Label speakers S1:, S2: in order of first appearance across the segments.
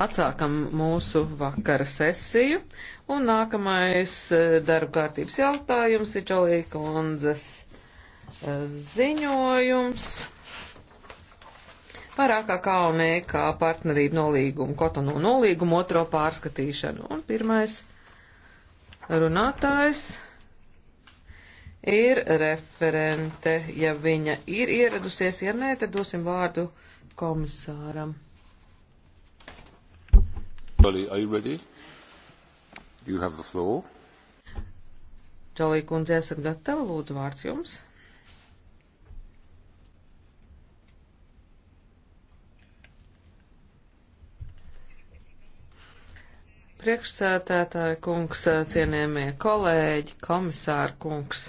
S1: Atsākam mūsu vakara sesiju, un nākamais eh, darba kārtības jautājums ir Čalīka Kondzes eh, ziņojums par AKK un EK partnerību nolīgumu, Kotonu nolīgumu otro pārskatīšanu. Un pirmais runātājs ir referente, ja viņa ir ieradusies, ja nē, tad dosim vārdu komisāram. Čalī kundze, esat gatava? Lūdzu, vārds jums. Priekšsētētāja kungs, cienījamie kolēģi, komisāra kungs.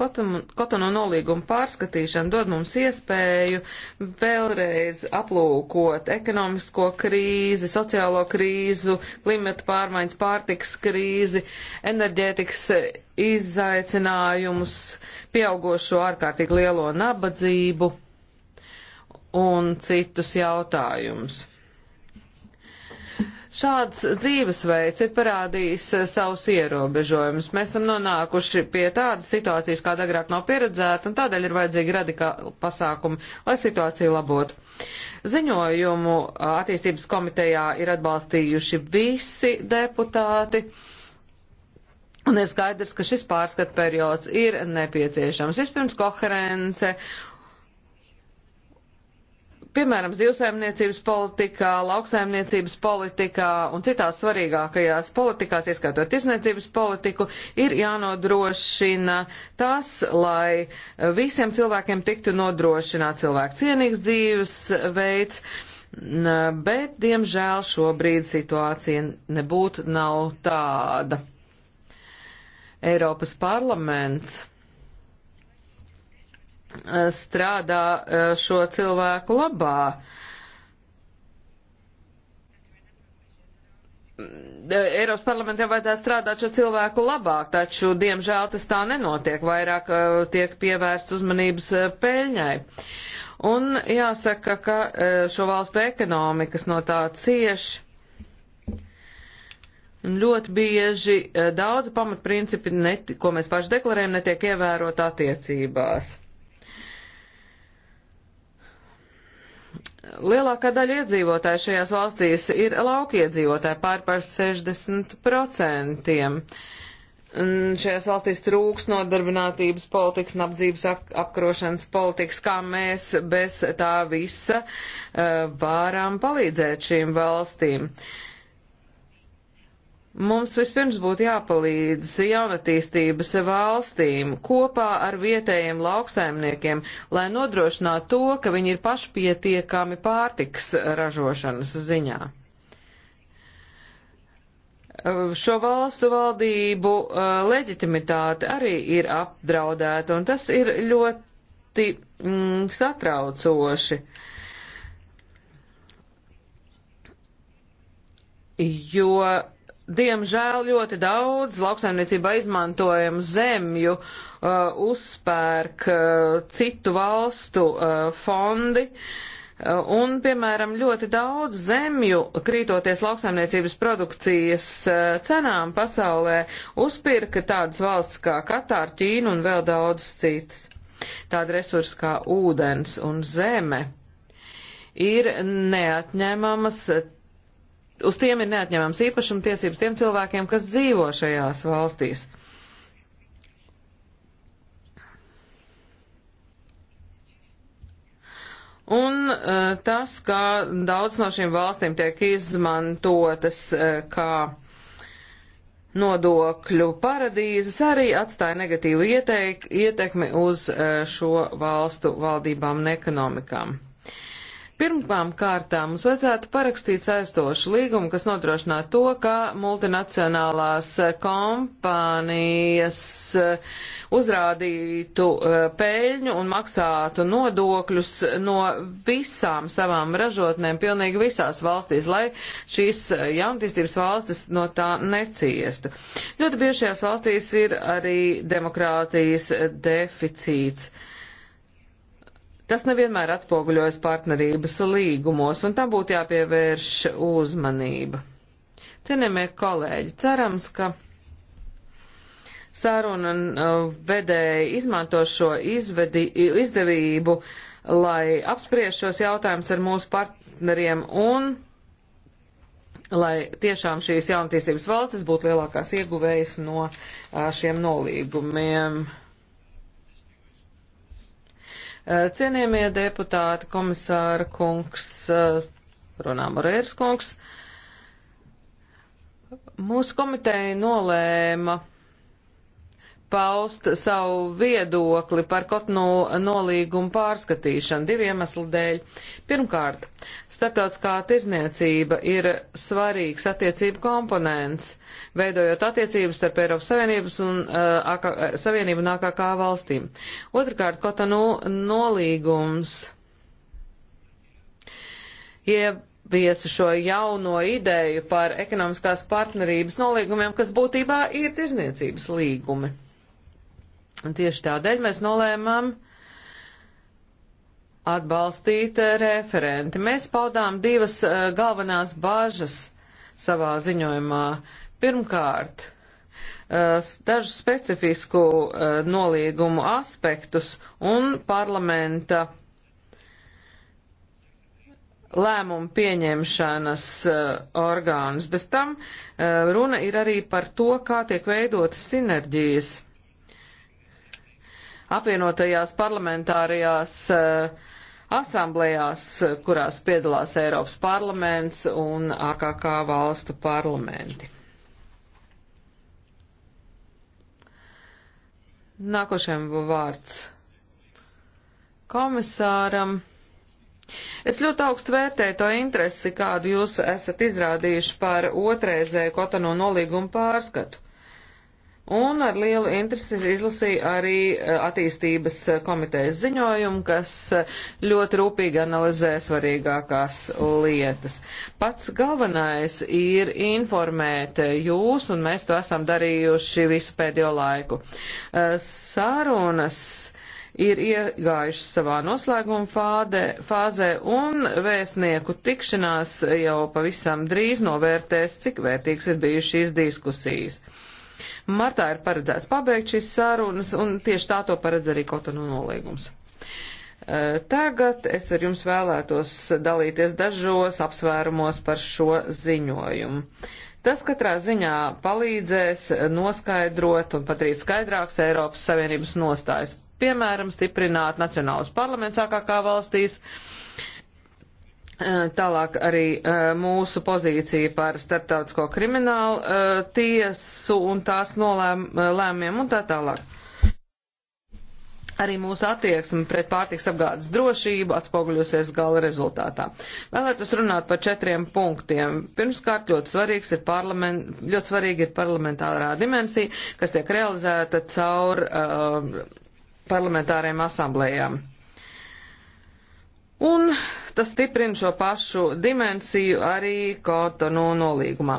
S1: Kotonu nolīguma pārskatīšana dod mums iespēju vēlreiz aplūkot ekonomisko krīzi, sociālo krīzu, klimata pārmaiņas, pārtiks krīzi, enerģētikas izaicinājumus, pieaugošo ārkārtīgi lielo nabadzību un citus jautājumus. Šāds dzīvesveids ir parādījis eh, savus ierobežojumus. Mēs esam nonākuši pie tādas situācijas, kāda agrāk nav pieredzēta, un tādēļ ir vajadzīgi radikāli pasākumi, lai situāciju labotu. Ziņojumu attīstības komitejā ir atbalstījuši visi deputāti. Un ir skaidrs, ka šis pārskatu periods ir nepieciešams. Vispirms koherence Piemēram, zivsaimniecības politikā, lauksaimniecības politikā un citās svarīgākajās politikās, ieskaitot tirsniecības politiku, ir jānodrošina tas, lai visiem cilvēkiem tiktu nodrošināt cilvēku cienīgs dzīves veids, bet, diemžēl, šobrīd situācija nebūtu nav tāda. Eiropas parlaments strādā e, šo cilvēku labā. E, Eiropas parlamentiem vajadzētu strādāt šo cilvēku labāk, taču, diemžēl, tas tā nenotiek, vairāk e, tiek pievērsts uzmanības peļņai. Un jāsaka, ka šo valstu ekonomikas no tā cieši. Un ļoti bieži daudzi pamatprincipi, ko mēs paši deklarējam, netiek ievērot attiecībās. Lielākā daļa iedzīvotāju šajās valstīs ir laukiedzīvotāji, pār par 60%. Šajās valstīs trūks nodarbinātības politikas un apdzības ap apkrošanas politikas, kā mēs bez tā visa uh, varam palīdzēt šīm valstīm. Uh, Mums vispirms būtu jāpalīdz jaunatīstības valstīm kopā ar vietējiem lauksaimniekiem, lai nodrošinātu to, ka viņi ir pašpietiekami pārtiks ražošanas ziņā. Šo valstu valdību eh, leģitimitāte arī ir apdraudēta, un tas ir ļoti mm, satraucoši. Jo diemžēl ļoti daudz lauksaimniecībā izmantojamu zemju uh, uzpērk uh, citu valstu uh, fondi. Uh, un, piemēram, ļoti daudz zemju, krītoties lauksaimniecības produkcijas uh, cenām pasaulē, uzpirka tādas valsts kā Katāra, Ķīna un vēl daudzas citas. Tāda resursa kā ūdens un zeme ir neatņemamas uz tiem ir neatņemams īpašuma tiesības tiem cilvēkiem, kas dzīvo šajās valstīs. Un uh, tas, kā daudz no šīm valstīm tiek izmantotas uh, kā nodokļu paradīzes, arī atstāja negatīvu ieteik, ietekmi uz uh, šo valstu valdībām un ekonomikām. Pirmām kārtām mums vajadzētu parakstīt saistošu līgumu, kas nodrošinātu to, ka multinacionālās kompānijas eh, uzrādītu eh, peļņu un maksātu nodokļus no visām savām ražotnēm pilnīgi visās valstīs, lai šīs eh, jauntīstības valstis no tā neciestu. Ļoti bieži šajās valstīs ir arī demokrātijas deficīts. Tas nevienmēr atspoguļojas partnerības līgumos, un tam būtu jāpievērš uzmanība. Cienījamie kolēģi, cerams, ka saruna uh, vedēji izmanto šo izvedi, izdevību, lai apspriež šos jautājumus ar mūsu partneriem un lai tiešām šīs jaunatīstības valstis būtu lielākās ieguvējas no uh, šiem nolīgumiem. Eh, cienījamie deputāti, komisāra kungs, eh, runā Morēras kungs, mūsu komiteja nolēma paust savu viedokli par Kotnu nolīgumu pārskatīšanu diviem aslu dēļ. Pirmkārt, starptautiskā tirzniecība ir svarīgs attiecību komponents, veidojot attiecības starp Eiropas Savienības un, uh, AK, Savienību un AKK valstīm. Otrkārt, Kotnu nolīgums. Ja viesu šo jauno ideju par ekonomiskās partnerības nolīgumiem, kas būtībā ir tirzniecības līgumi. Un tieši tādēļ mēs nolēmām atbalstīt eh, referenti. Mēs paudām divas eh, galvenās bāžas savā ziņojumā. Pirmkārt, eh, dažu specifisku nolīgumu aspektus un parlamenta lēmumu pieņemšanas orgānus. Bez tam runa ir arī par to, kā tiek veidotas sinerģijas apvienotajās parlamentārajās eh, asamblējās, kurās piedalās Eiropas parlaments un AKK valstu parlamenti. Nākošajam vārds komisāram. Es ļoti augstu vērtēju to interesi, kādu jūs esat izrādījuši par otrreizēju Kotano nolīgumu pārskatu. Un ar lielu interesi izlasīju arī eh, attīstības eh, komitejas ziņojumu, kas eh, ļoti rūpīgi analizē svarīgākās lietas. Pats galvenais ir informēt jūs, un mēs to esam darījuši visu pēdējo laiku. Sārunas ir iegājuši savā noslēguma fāde, fāzē, un vēstnieku tikšanās jau pavisam drīz novērtēs, cik vērtīgs ir bijušas šīs diskusijas. Martā ir paredzēts pabeigt šīs sarunas, un tieši tā to paredz arī Kotonu nolīgums. Tagad es ar jums vēlētos dalīties dažos apsvērumos par šo ziņojumu. Tas katrā ziņā palīdzēs noskaidrot un padarīt skaidrāks Eiropas Savienības nostājas, piemēram, stiprināt nacionālas parlaments AKK valstīs, uh, Eh, tālāk arī eh, mūsu pozīcija par starptautisko kriminālu eh, tiesu un tās nolēmiem un tā tālāk. Arī mūsu attieksme pret pārtiks apgādes drošību atspoguļosies gala rezultātā. Vēlētos runāt par četriem punktiem. Pirmkārt, ļoti, svarīgs ir parlament, ļoti svarīgi ir parlamentārā dimensija, kas tiek realizēta caur uh, parlamentāriem asamblējām. Uh, Un tas stiprina šo pašu dimensiju arī Kotonu nolīgumā.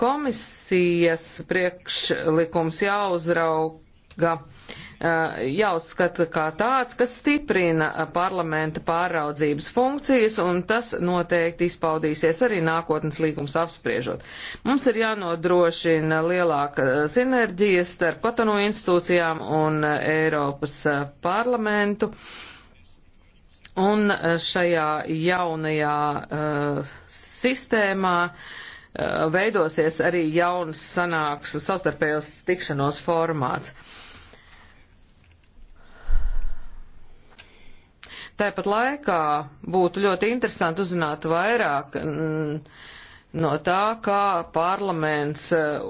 S1: Komisijas priekšlikums jāuzrauga eh, jāuzskata kā tāds, kas stiprina parlamenta pāraudzības funkcijas, un tas noteikti izpaudīsies arī nākotnes līgums apspriežot. Mums ir jānodrošina lielāka sinerģija starp Kotonu institūcijām un Eiropas parlamentu. Uh, Un eh, šajā jaunajā uh, sistēmā uh, veidosies arī jauns sanāks savstarpējos tikšanos formāts. Tāpat laikā būtu ļoti interesanti uzzināt vairāk. Mm, no tā, kā parlaments, eh,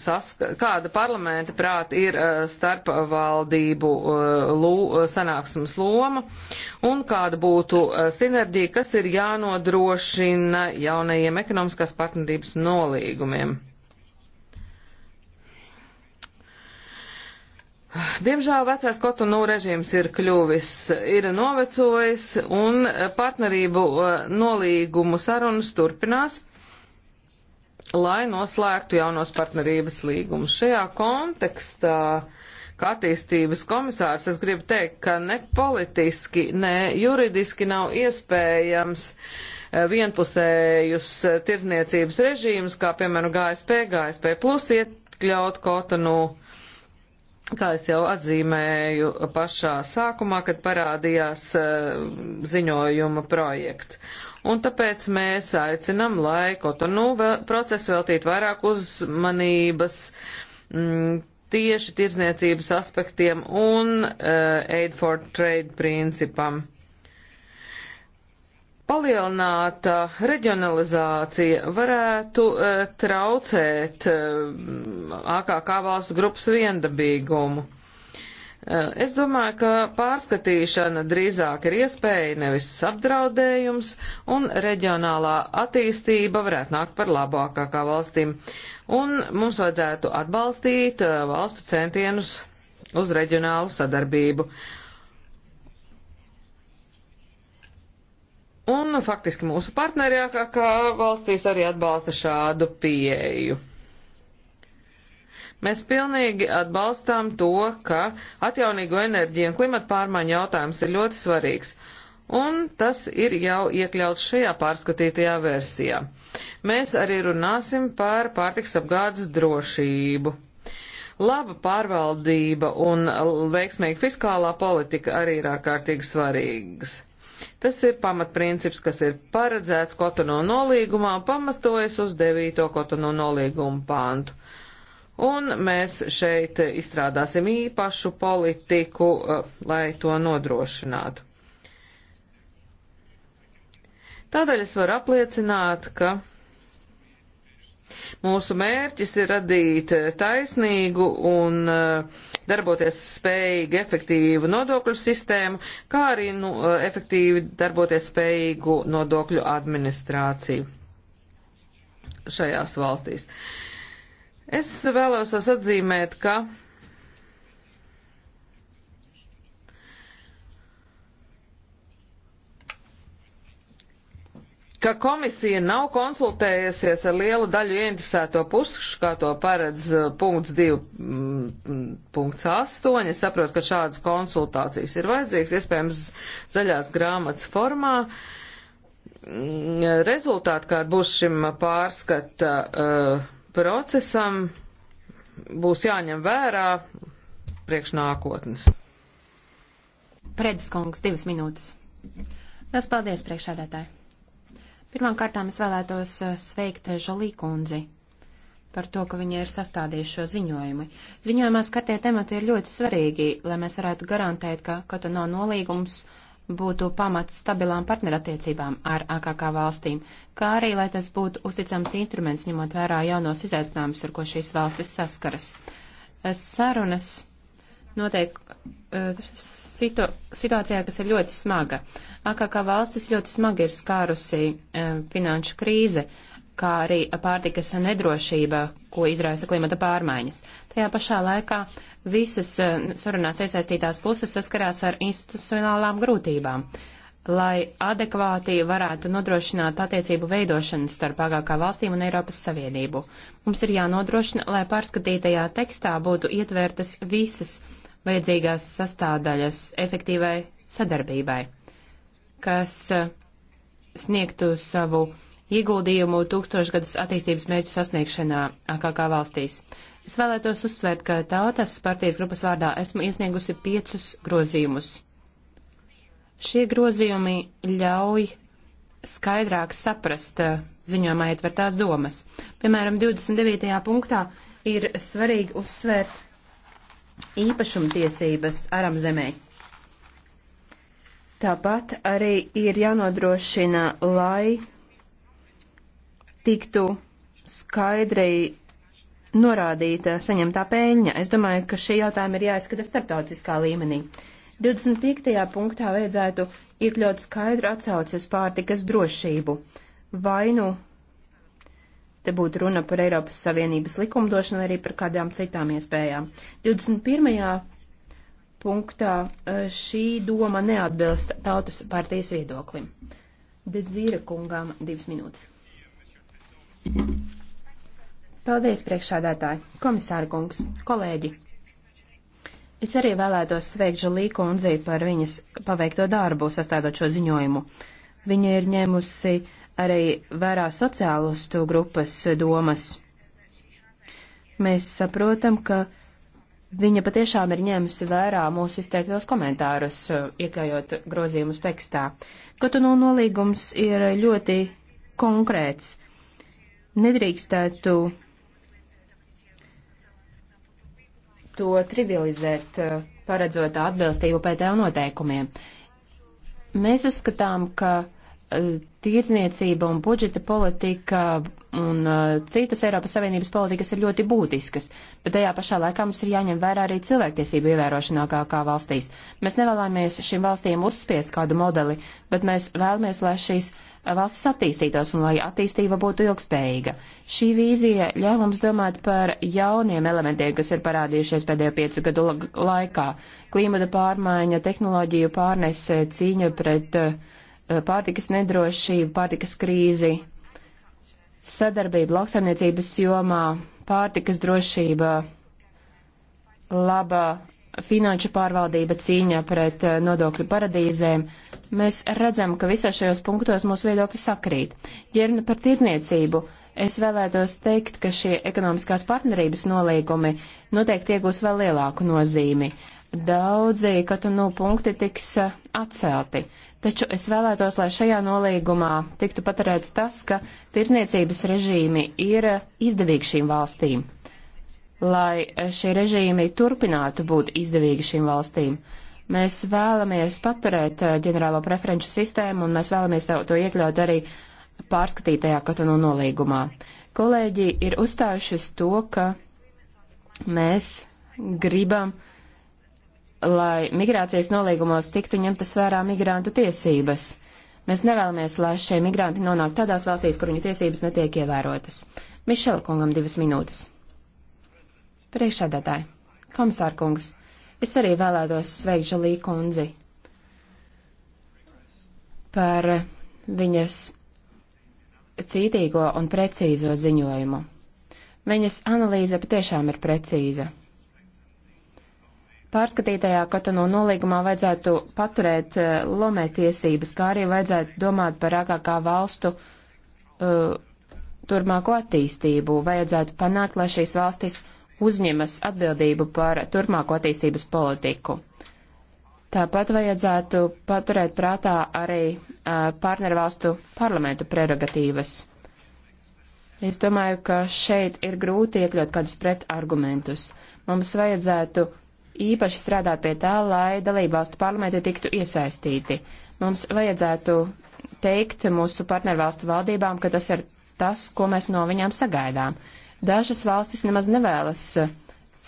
S1: saska, kāda parlamenta prāt ir eh, starp valdību eh, lū, sanāksmes loma un kāda būtu sinerģija, kas ir jānodrošina jaunajiem ekonomiskās partnerības nolīgumiem. Diemžēl vecais Kotonu režīms ir kļuvis, ir novecojis un partnerību nolīgumu sarunas turpinās lai noslēgtu jaunos partnerības līgumus. Šajā kontekstā, kā attīstības komisārs, es gribu teikt, ka ne politiski, ne juridiski nav iespējams eh, vienpusējus eh, tirzniecības režīmus, kā piemēram GSP, GSP plus iekļaut Kotonu. Kā es jau atzīmēju pašā sākumā, kad parādījās eh, ziņojuma projekts. Un tāpēc mēs aicinam, lai Kotonu vēl, procesu veltītu vairāk uzmanības m, mm, tieši tirzniecības aspektiem un uh, aid for trade principam. Palielināta reģionalizācija varētu uh, traucēt uh, eh, AKK valstu grupas viendabīgumu. Eh, es domāju, ka pārskatīšana drīzāk ir iespēja, nevis apdraudējums, un reģionālā attīstība varētu nākt par labākākā valstīm. Un mums vajadzētu atbalstīt eh, valstu centienus uz reģionālu sadarbību. Un faktiski mūsu partneri, kā valstīs, arī atbalsta šādu pieeju. Mēs pilnīgi atbalstām to, ka atjaunīgo enerģiju un klimata pārmaiņu jautājums ir ļoti svarīgs un tas ir jau iekļauts šajā pārskatītajā versijā. Mēs arī runāsim par pārtiks apgādes drošību. Laba pārvaldība un veiksmīga fiskālā politika arī ir ārkārtīgi svarīgas. Tas ir pamatprincips, kas ir paredzēts Kotono nolīgumā un pamastojas uz 9. Kotono nolīguma pāntu un mēs šeit izstrādāsim īpašu politiku, eh, lai to nodrošinātu. Tādēļ es varu apliecināt, ka mūsu mērķis ir radīt eh, taisnīgu un eh, darboties spējīgu efektīvu nodokļu sistēmu, kā arī nu, efektīvi darboties spējīgu nodokļu administrāciju šajās valstīs. Uh, Es vēlos atzīmēt, ka ka komisija nav konsultējusies ar lielu daļu ieinteresēto pušu, kā to paredz eh, punkts 2.8. Mm, es saprotu, ka šādas konsultācijas ir vajadzīgas, iespējams, zaļās grāmatas formā. Mm, rezultāti, kāda būs šim pārskata uh, procesam būs jāņem vērā priekšnākotnes.
S2: Predis kungs, divas minūtes. Tas paldies priekšādētāji. Pirmām kārtām es vēlētos eh, sveikt eh, Žolī kundzi par to, ka viņi ir sastādījuši šo ziņojumu. Ziņojumā skatie temati ir ļoti svarīgi, lai mēs varētu garantēt, ka Kotono nolīgums uh, būtu pamats stabilām partnerattiecībām ar AKK valstīm, kā arī, lai tas būtu uzticams instruments, ņemot vērā jaunos izaicinājumus, ar ko šīs valstis saskaras. Sarunas notiek eh, situ, situācijā, kas ir ļoti smaga. AKK valstis ļoti smagi ir skārusi eh, finanšu krīze, kā arī pārtikas nedrošība, ko izraisa klimata pārmaiņas. Tajā pašā laikā visas eh, sarunās iesaistītās puses saskarās ar institucionālām grūtībām. Lai adekvāti varētu nodrošināt attiecību veidošanu starp agākā valstīm un Eiropas Savienību, mums ir jānodrošina, lai pārskatītajā tekstā būtu ietvērtas visas vajadzīgās sastāvdaļas efektīvai sadarbībai, kas eh, sniegtu savu ieguldījumu tūkstošgadus attīstības mēģu sasniegšanā AKK valstīs. Es vēlētos uzsvērt, ka tautas partijas grupas vārdā esmu iesniegusi piecus grozījumus. Šie grozījumi ļauj skaidrāk saprast eh, ziņojumā ietvertās domas. Piemēram, 29. punktā ir svarīgi uzsvērt īpašumtiesības aram zemē. Tāpat arī ir jānodrošina, lai tiktu skaidri norādīta eh, saņemtā pēļņa. Es domāju, ka šie jautājumi ir jāizskata starptautiskā līmenī. 25. punktā vajadzētu iekļaut skaidru atsauci uz pārtikas drošību. Vai nu te būtu runa par Eiropas Savienības likumdošanu vai arī par kādām citām iespējām. 21. punktā eh, šī doma neatbilst tautas partijas viedoklim. Dezīra kungām divas minūtes. Paldies, priekšādātāji, komisāra kungs, kolēģi. Es arī vēlētos sveikt Žalī kundzi par viņas paveikto darbu, sastādot šo ziņojumu. Viņa ir ņēmusi arī vērā sociālistu grupas domas. Mēs saprotam, ka viņa patiešām ir ņēmusi vērā mūsu izteiktos komentārus, iekļaujot grozījumus tekstā. Kotonu no nolīgums ir ļoti konkrēts. Nedrīkstētu to trivializēt, eh, paredzot atbilstību PTO noteikumiem. Mēs uzskatām, ka eh, tirdzniecība un budžeta politika un eh, citas Eiropas Savienības politikas ir ļoti būtiskas, bet tajā pašā laikā mums ir jāņem vērā arī cilvēktiesību ievērošanākākā valstīs. Mēs nevēlamies šīm valstīm uzspies kādu modeli, bet mēs vēlamies, lai šīs uh, valsts attīstītos un lai attīstība būtu ilgspējīga. Šī vīzija ļauj mums domāt par jauniem elementiem, kas ir parādījušies pēdējo piecu gadu laikā - klimata pārmaiņa, tehnoloģiju pārnese, cīņa pret eh, pārtikas nedrošību, pārtikas krīzi, sadarbība lauksaimniecības jomā, pārtikas drošība, laba finanšu pārvaldība, cīņa pret eh, nodokļu paradīzēm, mēs redzam, ka visos šajos punktos mūsu viedokļi sakrīt. Ja runa par tirdzniecību, es vēlētos teikt, ka šie ekonomiskās partnerības nolīgumi noteikti iegūs vēl lielāku nozīmi. Daudzi katunu punkti tiks eh, atcelti, taču es vēlētos, lai šajā nolīgumā tiktu paturēts tas, ka tirdzniecības režīmi ir eh, izdevīgi šīm valstīm lai šie režīmi turpinātu būt izdevīgi šīm valstīm. Mēs vēlamies paturēt eh, ģenerālo preferenču sistēmu un mēs vēlamies to iekļaut arī pārskatītajā Kotonu nolīgumā. Kolēģi ir uzstājušies to, ka mēs gribam, lai migrācijas nolīgumos tiktu ņemtas vērā migrantu tiesības. Mēs nevēlamies, lai šie migranti nonāk tādās valstīs, kur viņu tiesības netiek ievērotas. Mišela kungam divas minūtes. Priekšsēdētāji, komisārkungs, es arī vēlētos sveikt Žalī kundzi par viņas cītīgo un precīzo ziņojumu. Viņas analīze patiešām ir precīza. Pārskatītajā Kotonu nolīgumā vajadzētu paturēt eh, lomē tiesības, kā arī vajadzētu domāt par ārākā valstu uh, turmāko attīstību. Vajadzētu panākt, lai šīs valstis uzņemas atbildību par turpmāko attīstības politiku. Tāpat vajadzētu paturēt prātā arī partnervalstu parlamentu prerogatīvas. Es domāju, ka šeit ir grūti iekļaut kādus pretargumentus. Mums vajadzētu īpaši strādāt pie tā, lai dalībvalstu parlamenti tiktu iesaistīti. Mums vajadzētu teikt mūsu partnervalstu valdībām, ka tas ir tas, ko mēs no viņām sagaidām. Uh, Dažas valstis nemaz nevēlas eh,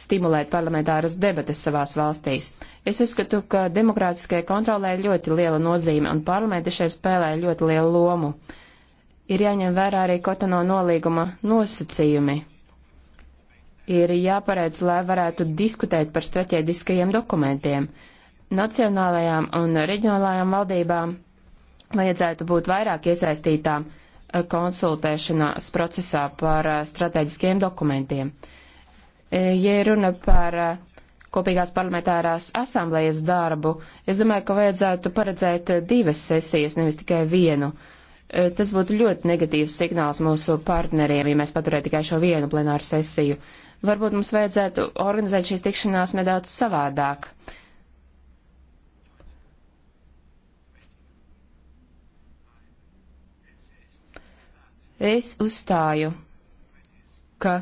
S2: stimulēt parlamentāras debates savās valstīs. Es uzskatu, ka demokrātiskajai kontrolē ir ļoti liela nozīme, un parlamenti šeit spēlē ļoti lielu lomu. Ir jāņem vērā arī Kotono nolīguma nosacījumi. Ir jāparedz, lai varētu diskutēt par strateģiskajiem dokumentiem. Nacionālajām un reģionālajām valdībām vajadzētu būt vairāk iesaistītām konsultēšanās procesā par eh, strateģiskiem dokumentiem. E, ja runa par eh, kopīgās parlamentārās asamblējas darbu, es domāju, ka vajadzētu paredzēt eh, divas sesijas, nevis tikai vienu. E, tas būtu ļoti negatīvs signāls mūsu partneriem, ja mēs paturētu tikai šo vienu plenāru sesiju. Varbūt mums vajadzētu organizēt šīs tikšanās nedaudz savādāk. Uh, Es uzstāju, ka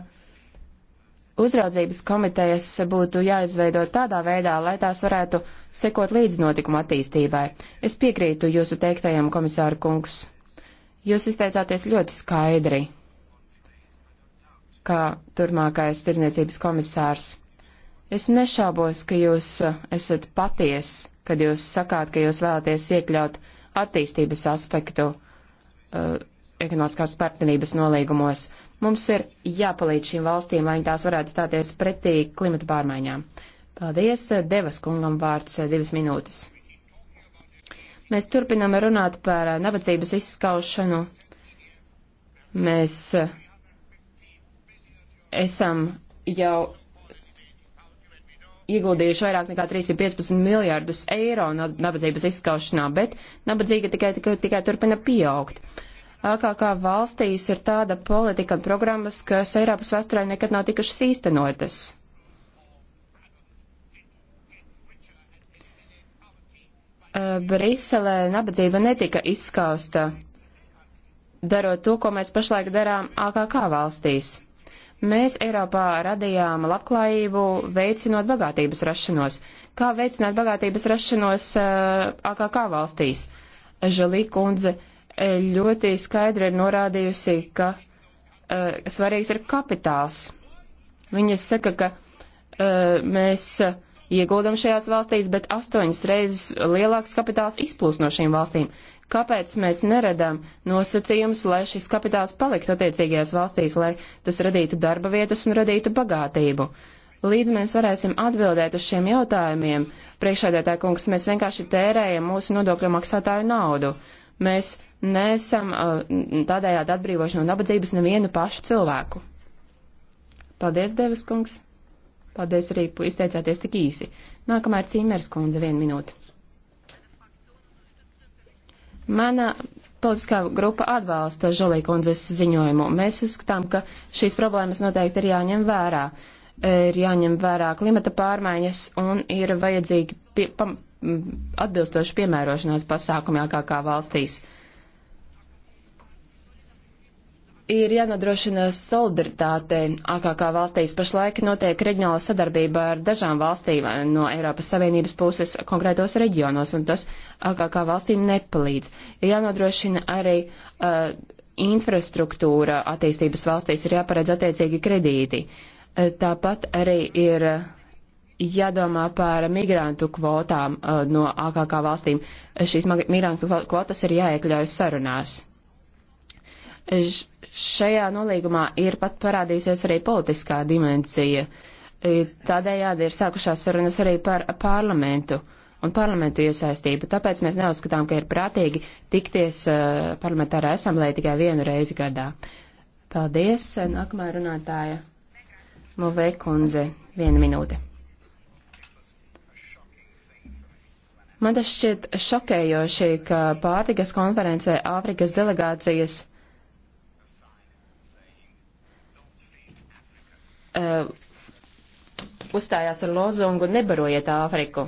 S2: uzraudzības komitejas būtu jāizveido tādā veidā, lai tās varētu sekot līdz notikuma attīstībai. Es piekrītu jūsu teiktajam, komisāra kungs. Jūs izteicāties ļoti skaidri, kā turmākais tirdzniecības komisārs. Es nešaubos, ka jūs esat paties, kad jūs sakāt, ka jūs vēlaties iekļaut attīstības aspektu uh, ekonomiskās partnerības nolīgumos. Mums ir jāpalīdz šīm valstīm, lai tās varētu stāties pretī klimata pārmaiņām. Paldies, Devas kungam vārds eh, divas minūtes. Mēs turpinām runāt par eh, nabadzības izskaušanu. Mēs eh, esam jau ieguldījuši vairāk nekā 315 miljārdus eiro nabadzības izskaušanā, bet nabadzīga tikai, tikai, tikai turpina pieaugt. Uh, AKK valstīs ir tāda politika un programmas, kas Eiropas vēsturē nekad nav tikušas īstenotas. Briselē nabadzība netika izskausta, darot to, ko mēs pašlaik darām AKK valstīs. Mēs Eiropā radījām labklājību, veicinot bagātības rašanos. Kā veicināt bagātības rašanos uh, AKK valstīs? Žalī kundze ļoti skaidri ir norādījusi, ka uh, svarīgs ir kapitāls. Viņa saka, ka uh, mēs ieguldam šajās valstīs, bet astoņas reizes lielāks kapitāls izplūst no šīm valstīm. Kāpēc mēs neredam nosacījumus, lai šis kapitāls paliktu attiecīgajās valstīs, lai tas radītu darba vietas un radītu bagātību? Līdz mēs varēsim atbildēt uz šiem jautājumiem, priekšādētāja kungs, mēs vienkārši tērējam mūsu nodokļu maksātāju naudu. Mēs nesam uh, tādējādi atbrīvojuši no nabadzības nevienu pašu cilvēku. Paldies, Devas kungs! Paldies arī, ka izteicāties tik īsi. Nākamā ir Cīmērs kundze, viena minūte. Mana politiskā grupa atbalsta Žalī kundzes ziņojumu. Mēs uzskatām, ka šīs problēmas noteikti ir jāņem vērā. Ir jāņem vērā klimata pārmaiņas un ir vajadzīgi pie, pam, atbilstoši piemērošanās pasākumi jākākā valstīs. Uh, ir jānodrošina solidaritāte. AKK valstīs pašlaik notiek reģionāla sadarbība ar dažām valstīm no Eiropas Savienības puses konkrētos reģionos, un tas AKK valstīm nepalīdz. Ir jānodrošina arī uh, infrastruktūra attīstības valstīs, ir jāparedz attiecīgi kredīti. Uh, tāpat arī ir uh, jādomā par migrantu kvotām uh, no AKK valstīm. Šīs migrantu kvotas ir jāiekļaujas sarunās. Ž Šajā nolīgumā ir pat parādīsies arī politiskā dimensija. Tādējādi ir sākušās sarunas arī par parlamentu un parlamentu iesaistību. Tāpēc mēs neuzskatām, ka ir prātīgi tikties uh, parlamentārā asamblēja tikai vienu reizi gadā. Paldies, nākamā runātāja Movē kundze, viena minūte. Man tas šķiet šokējoši, ka pārtikas konferencē Āfrikas delegācijas uh, uzstājās ar lozungu Nebarojiet Āfriku.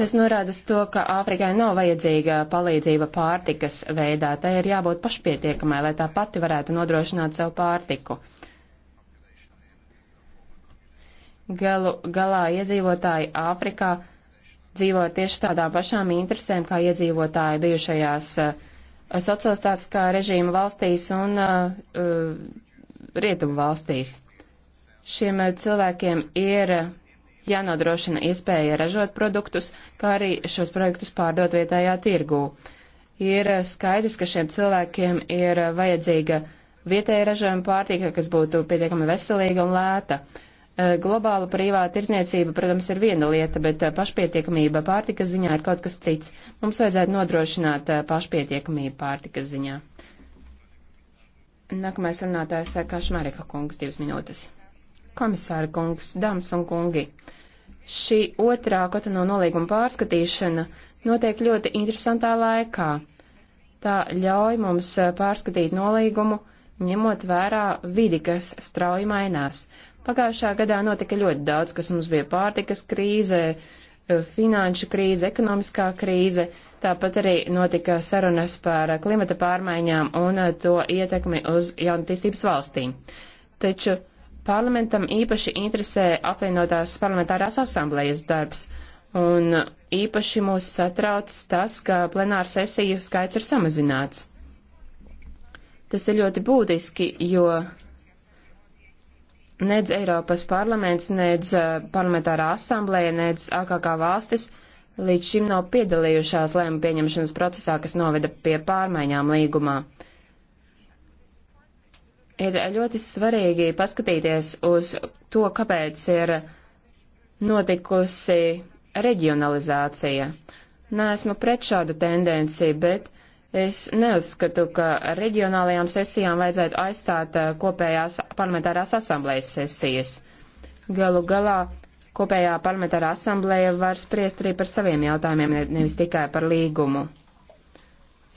S2: Tas norāda uz to, ka Āfrikai nav vajadzīga palīdzība pārtikas veidā. Tai ir jābūt pašpietiekamai, lai tā pati varētu nodrošināt savu pārtiku. Galu, galā iedzīvotāji Āfrikā dzīvo tieši tādām pašām interesēm, kā iedzīvotāji bijušajās uh, sociālistiskā režīma valstīs un uh, uh rietumu valstīs. Šiem uh, cilvēkiem ir jānodrošina iespēja ražot produktus, kā arī šos produktus pārdot vietējā tirgū. Ir uh, skaidrs, ka šiem cilvēkiem ir vajadzīga vietēja ražojuma pārtika, kas būtu pietiekami veselīga un lēta. Uh, Eh, globāla privāta tirzniecība, protams, ir viena lieta, bet eh, pašpietiekamība pārtikas ziņā ir kaut kas cits. Mums vajadzētu nodrošināt eh, pašpietiekamību pārtikas ziņā. Nākamais runātājs Kašmērika kungs, divas minūtes. Komisāra kungs, dāmas un kungi. Šī otrā kotano nolīguma pārskatīšana notiek ļoti interesantā laikā. Tā ļauj mums pārskatīt nolīgumu, ņemot vērā vidi, kas strauji mainās. Pagājušā gadā notika ļoti daudz, kas mums bija pārtikas krīze, eh, finanšu krīze, ekonomiskā krīze, tāpat arī notika sarunas par klimata pārmaiņām un eh, to ietekmi uz jaunatīstības valstīm. Taču parlamentam īpaši interesē apvienotās parlamentārās asamblējas darbs, un eh, īpaši mūs satrauc tas, ka plenāra sesiju skaits ir samazināts. Tas ir ļoti būtiski, jo nedz Eiropas parlaments, nedz eh, parlamentārā asamblēja, nedz AKK valstis līdz šim nav piedalījušās lēmu pieņemšanas procesā, kas noveda pie pārmaiņām līgumā. Ir ļoti svarīgi paskatīties uz to, kāpēc ir notikusi reģionalizācija. Nē, esmu pret šādu tendenci, bet Es neuzskatu, ka reģionālajām sesijām vajadzētu aizstāt eh, kopējās parlamentārās asamblējas sesijas. Galu galā kopējā parlamentārā asamblēja var spriest arī par saviem jautājumiem, nevis tikai par līgumu.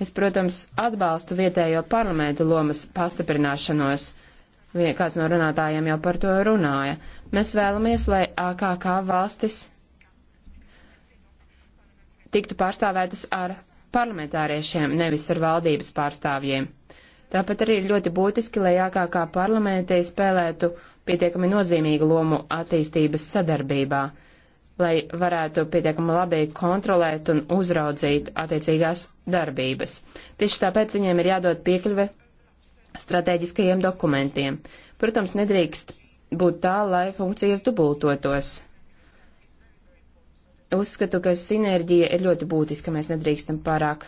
S2: Es, protams, atbalstu vietējo parlamentu lomas pastiprināšanos. Kāds no runātājiem jau par to runāja. Mēs vēlamies, lai AKK valstis tiktu pārstāvētas ar parlamentāriešiem, nevis ar valdības pārstāvjiem. Tāpat arī ir ļoti būtiski, lai jākākā parlamentē spēlētu pietiekami nozīmīgu lomu attīstības sadarbībā, lai varētu pietiekami labi kontrolēt un uzraudzīt attiecīgās darbības. Tieši tāpēc viņiem ir jādod piekļuve strateģiskajiem dokumentiem. Protams, nedrīkst būt tā, lai funkcijas dubultotos uzskatu, ka sinerģija ir ļoti būtiska, mēs nedrīkstam pārāk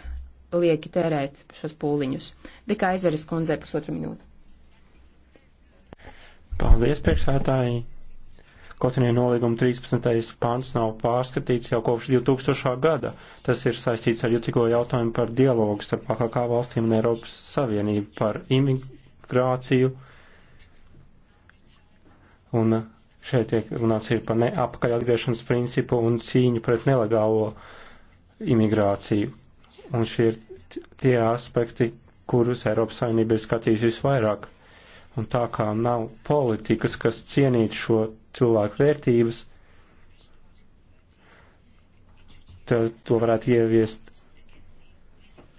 S2: lieki tērēt šos pūliņus. Dikā aizeres kundze, pusotru minūtu.
S3: Paldies, priekšsētāji! Kaut arī nolīguma 13. pants nav pārskatīts jau kopš 2000. gada, tas ir saistīts ar jutīgo jautājumu par dialogu starp AKK valstīm un Eiropas Savienību par imigrāciju un Šeit tiek runāts ir par neapakaļ atgriešanas principu un cīņu pret nelegālo imigrāciju. Un šie ir tie aspekti, kurus Eiropas Savienība ir skatījusi visvairāk. Un tā kā nav politikas, kas cienītu šo cilvēku vērtības, tad to varētu ieviest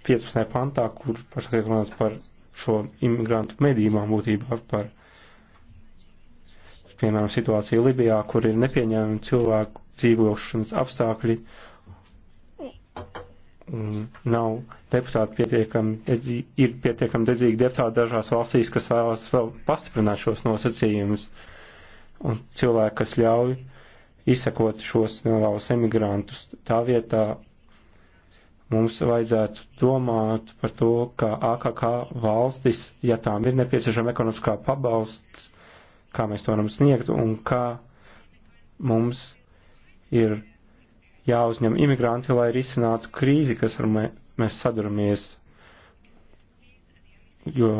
S3: 15. pantā, kur pašlaik runāts par šo imigrantu medībām būtībā par piemēram, situācija Libijā, kur ir nepieņēmami cilvēku dzīvošanas apstākļi un nav deputāti pietiekami, ir pietiekami dedzīgi deputāti dažās valstīs, kas vēlas vēl pastiprināt šos nosacījumus un cilvēki, kas ļauj izsekot šos nevēlas emigrantus. Tā vietā mums vajadzētu domāt par to, ka AKK valstis, ja tām ir nepieciešama ekonomiskā pabalsts, kā mēs to varam sniegt un kā mums ir jāuzņem imigranti, lai risinātu krīzi, kas ar mē, mēs saduramies, jo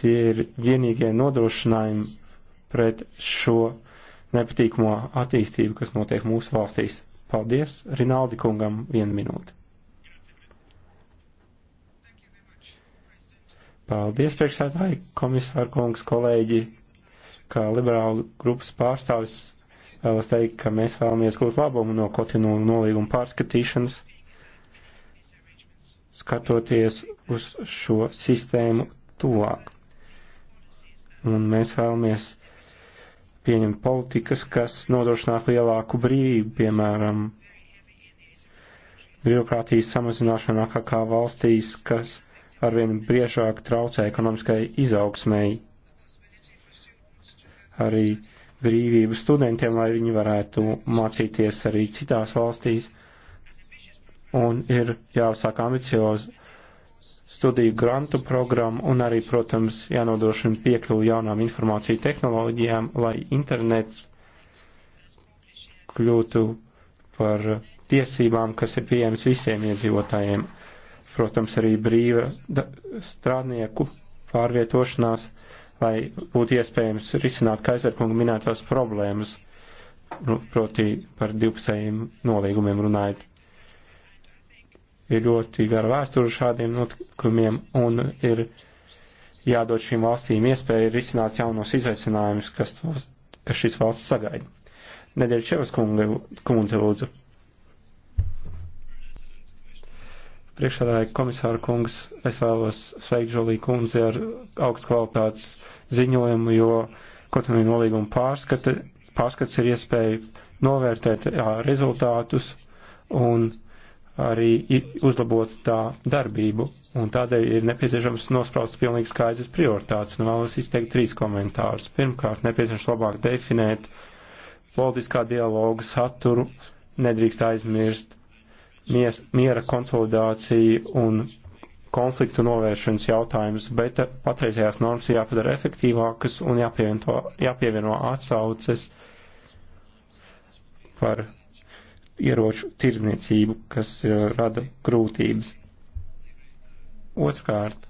S3: tie ir vienīgie nodrošinājumi pret šo nepatīkamo attīstību, kas notiek mūsu valstīs. Paldies Rinaldi kungam vienu minūti. Paldies priekšsētāji, komisāra kungs, kolēģi kā liberālu grupas pārstāvis vēlos teikt, ka mēs vēlamies gūt labumu no Kotinu nolīguma pārskatīšanas, skatoties uz šo sistēmu tuvāk. Un mēs vēlamies pieņemt politikas, kas nodrošinās lielāku brīvību, piemēram, birokrātijas samazināšanā kā valstīs, kas arvien biežāk traucē ekonomiskai izaugsmēji arī brīvību studentiem, lai viņi varētu mācīties arī citās valstīs. Un ir jāuzsāk ambiciozi studiju grantu programmu un arī, protams, jānodrošina piekļuvu jaunām informāciju tehnoloģijām, lai internets kļūtu par tiesībām, kas ir pieejams visiem iedzīvotājiem. Protams, arī brīva strādnieku pārvietošanās vai būtu iespējams risināt Kaiserkunga minētās problēmas, nu, proti par divpusējiem nolīgumiem runājot. Ir ļoti gara vēsture šādiem notikumiem un ir jādod šīm valstīm iespēja risināt jaunos izaicinājumus, kas, tos, kas šīs valsts sagaida. Nedēļa Čevas kundze lūdzu. Priekšādāja komisāra kungs, es vēlos sveikt Žolī kundzi ar augstu kvalitātes ziņojumu, jo Kotonu nolīguma pārskata, pārskats ir iespēja novērtēt jā, rezultātus un arī uzlabot tā darbību. Un tādēļ ir nepieciešams nospraust pilnīgi skaidrs prioritātes. Un nu, vēlos izteikt trīs komentārus. Pirmkārt, nepieciešams labāk definēt politiskā dialoga saturu, nedrīkst aizmirst mies, miera konsolidāciju un konfliktu novēršanas jautājums, bet patreizējās normas jāpadara efektīvākas un jāpievieno, jāpievieno atsauces par ieroču tirdzniecību, kas e, rada grūtības. Otrkārt,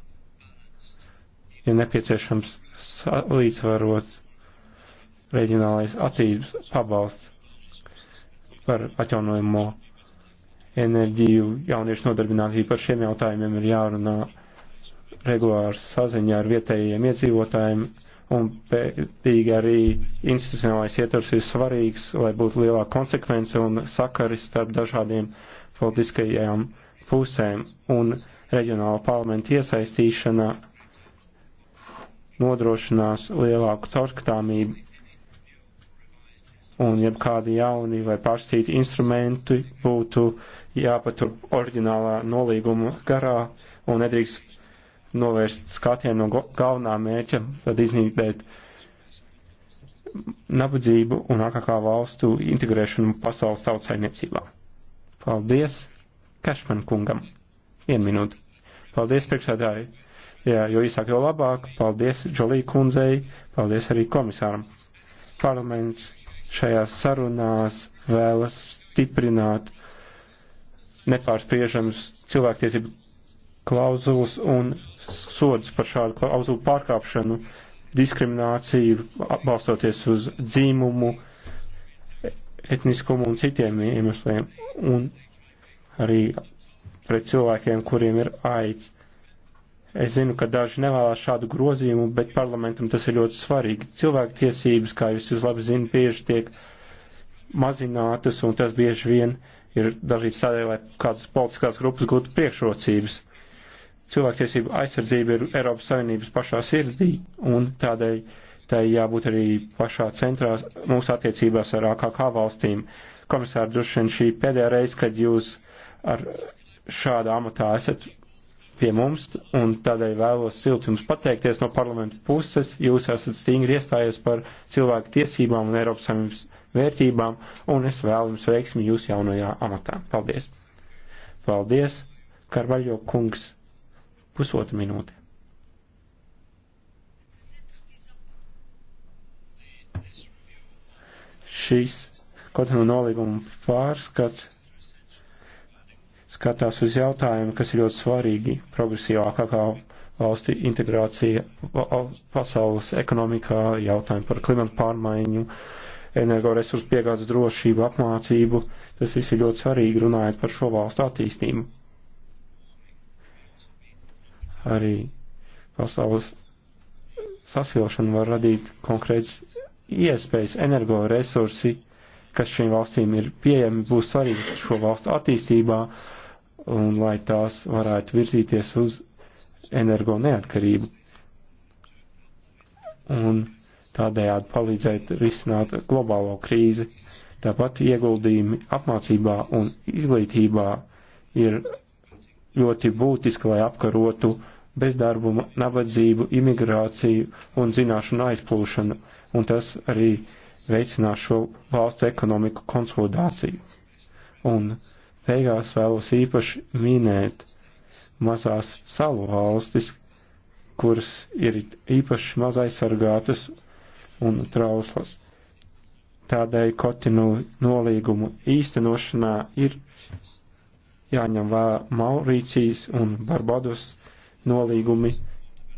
S3: ir ja nepieciešams līdzvarot reģionālais attīstības pabalsts par atjaunojamo enerģiju, jauniešu nodarbinātību par šiem jautājumiem ir jārunā regulāri saziņā ar vietējiem iedzīvotājiem, un pētīgi arī institucionālais ietvers ir svarīgs, lai būtu lielāka konsekvence un sakaris starp dažādiem politiskajām pusēm, un reģionāla parlamenta iesaistīšana nodrošinās lielāku caurskatāmību un jebkādi jauni vai pārstīti instrumenti būtu jāpatur oriģinālā nolīguma garā un nedrīkst novērst skatienu no galvenā mērķa, tad iznīdēt nabadzību un AKK valstu integrēšanu pasaules tautsainiecībā. Paldies Kešman kungam. Vienu minūti. Paldies priekšsēdāji. Jā, jo īsāk jau labāk. Paldies Džolī kundzei. Paldies arī komisāram. Parlaments šajās sarunās vēlas stiprināt uh, nepārspriežams cilvēktiesību klauzulas un sods par šādu klauzulu pārkāpšanu, diskrimināciju, balstoties uz dzīmumu, etniskumu un citiem iemesliem, un arī pret cilvēkiem, kuriem ir aids. Es zinu, ka daži nevēlas šādu grozījumu, bet parlamentam tas ir ļoti svarīgi. Cilvēktiesības, kā jūs, jūs labi zinat, bieži tiek mazinātas, un tas bieži vien uh, ir darīts tādēļ, lai kādas politiskās grupas gūtu priekšrocības. Cilvēktiesība aizsardzība ir Eiropas Savienības pašā sirdī, un tādēļ tai jābūt arī pašā centrā mūsu attiecībās ar AKK valstīm. Komisāri, droši vien šī pēdējā reize, kad jūs ar šādā amatā esat pie mums, un tādēļ vēlos silti jums pateikties no parlamenta puses. Jūs esat stingri iestājies par cilvēku tiesībām un Eiropas Savienības vērtībām, un es vēlu jums veiksmi jūsu jaunajā amatā. Paldies! Paldies, Karvaļo kungs! Pusotra minūte. Šīs Kotonu nolīguma pārskats skatās uz jautājumu, kas ir ļoti svarīgi progresīvākā valsti integrācija pasaules ekonomikā, jautājumu par klimatu pārmaiņu, uh, energoresursu piegādes drošību, apmācību. Tas viss ir ļoti svarīgi runājot par šo valstu attīstību. Arī pasaules sasilšana var radīt konkrētas iespējas, energoresursi, kas šīm valstīm ir pieejami, būs svarīgi šo valstu attīstībā un lai tās varētu virzīties uz energo neatkarību. Un tādējādi palīdzēt risināt globālo krīzi. Tāpat ieguldījumi apmācībā un izglītībā ir ļoti būtiski, lai apkarotu bezdarbu, nabadzību, imigrāciju un zināšanu aizplūšanu, un tas arī veicinās šo valstu ekonomiku konsolidāciju. Un beigās vēlos īpaši minēt mazās salu valstis, kuras ir īpaši maz aizsargātas un trauslas. Tādēļ Kotinu nolīgumu īstenošanā ir jāņem vērā Maurīcijas un Barbados nolīgumi,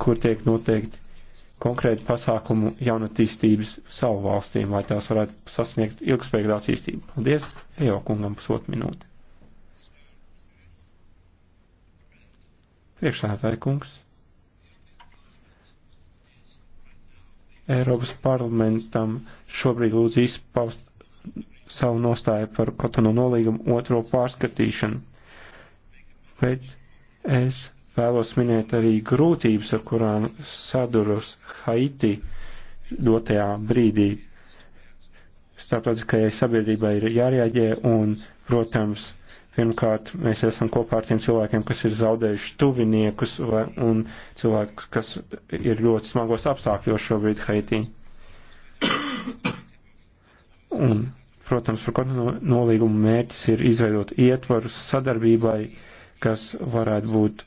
S3: kur tiek noteikti konkrēti pasākumu jaunatīstības savu valstīm, lai tās varētu sasniegt ilgspējīgu attīstību. Paldies, Ejo kungam, pusotru minūti. Priekšsēdētāji kungs. Eiropas parlamentam šobrīd lūdzu izpaust savu nostāju par Kotono nolīgumu otro pārskatīšanu. Bet es vēlos minēt arī grūtības, ar kurām sadurus Haiti dotajā brīdī. Starptautiskajai sabiedrībai ir jārēģē un, protams, Pirmkārt, mēs esam kopā ar tiem cilvēkiem, kas ir zaudējuši tuviniekus vai, un cilvēkus, kas ir ļoti smagos apstākļos šobrīd Haitī. Un, protams, par kontinu nolīgumu mērķis ir izveidot ietvarus sadarbībai, kas varētu būt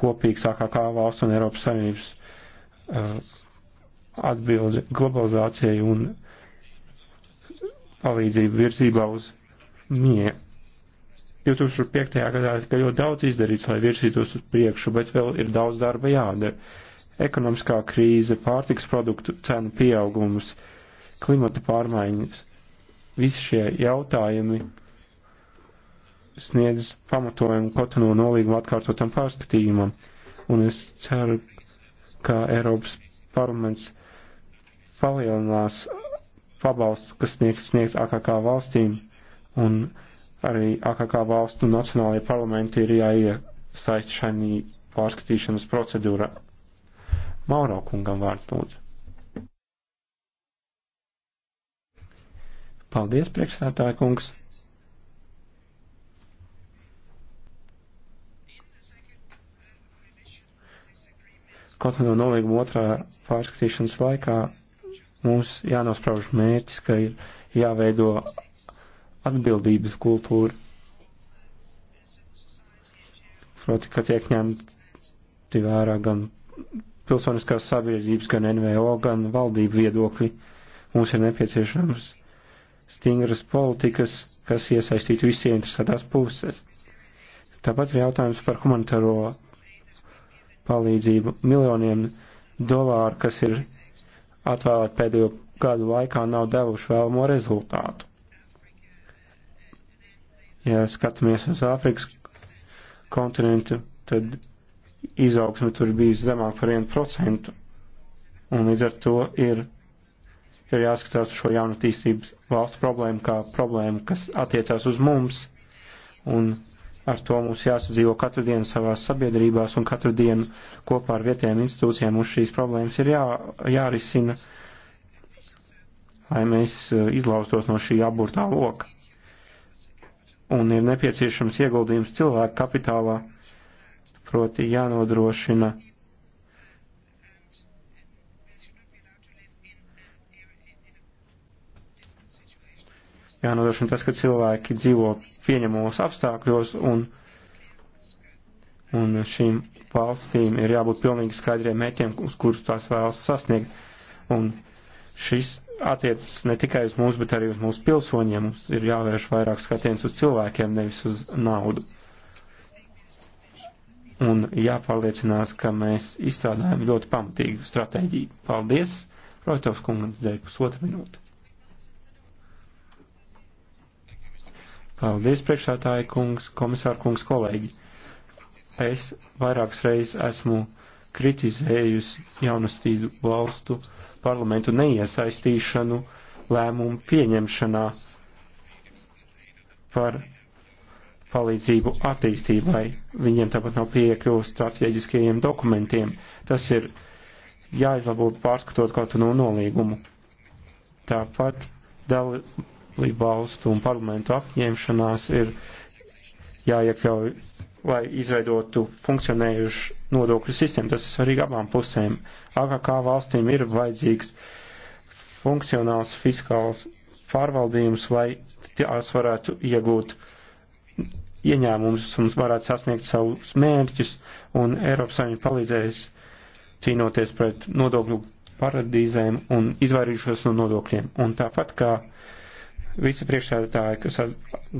S3: kopīgs AKK valsts un Eiropas Savienības uh, atbildi globalizācijai un palīdzību virzībā uz mieru. 2005. gadā tika ļoti daudz izdarīts, lai virzītos uz priekšu, bet vēl ir daudz darba jādara. Ekonomiskā krīze, pārtiks produktu cenu pieaugums, klimata pārmaiņas. Visi šie jautājumi sniedz pamatojumu Kotonu no nolīgumu atkārtotam pārskatījumam, un es ceru, ka Eiropas parlaments palielinās pabalstu, kas sniegs, sniegs AKK valstīm, un Arī AKK valstu nacionālajie parlamenti ir jāiesaist šajā pārskatīšanas procedūrā. Mauro kungam vārds lūdzu. Paldies, priekšsētāja kungs. Kaut no nolīguma otrā pārskatīšanas laikā mums jānosprauž mērķis, ka ir jāveido atbildības kultūra. Proti, ka tiek ņemti vērā gan pilsoniskās sabiedrības, gan NVO, gan valdību viedokļi. Mums ir nepieciešams stingras politikas, kas iesaistītu visi interesētās puses. Tāpat ir jautājums par humanitāro palīdzību. Miljoniem dolāru, kas ir atvēlēti pēdējo gadu laikā, nav devuši vēlamo rezultātu. Ja skatāmies uz Āfrikas kontinentu, tad izaugsme tur bijis zemāk par 1%, un līdz ar to ir, ir jāskatās šo jaunatīstības valstu problēmu kā problēmu, kas attiecās uz mums, un ar to mums jāsadzīvo katru dienu savās sabiedrībās, un katru dienu kopā ar vietējām institūcijām mums šīs problēmas ir jā, jārisina, lai mēs eh, izlaustos no šī aburtā loka un ir nepieciešams ieguldījums cilvēku kapitālā, proti jānodrošina jānodrošina tas, ka cilvēki dzīvo pieņemos apstākļos un, un šīm valstīm ir jābūt pilnīgi skaidriem mēķiem, uz kurus tās vēlas sasniegt. Un šis attiecas ne tikai uz mums, bet arī uz mūsu pilsoņiem. Mums ir jāvērš vairāk skatiens uz cilvēkiem, nevis uz naudu. Un jāpārliecinās, ka mēs izstrādājam ļoti pamatīgu stratēģiju. Paldies! Roitovs kungam dēļ pusotra minūte. Paldies, priekšsētāji kungs, komisāra kungs, kolēģi. Es vairākas reizes esmu kritizējusi jaunastību valstu uh, parlamentu neiesaistīšanu lēmumu pieņemšanā par palīdzību attīstībai. Viņiem tāpat nav piekļuvis strateģiskajiem dokumentiem. Tas ir jāizlabo pārskatot kaut no nolīgumu. Tāpat dalību valstu un parlamentu apņemšanās ir jāiekļauj lai izveidotu funkcionējušu nodokļu sistēmu. Tas ir svarīgi abām pusēm. AKK valstīm ir vajadzīgs funkcionāls fiskāls pārvaldījums, lai tās varētu iegūt ieņēmumus un varētu sasniegt savus mērķus, un Eiropas Savienība palīdzēs cīnoties pret nodokļu paradīzēm un izvairīšos no nodokļiem. Un tāpat kā vicepriekšsēdētāja, kas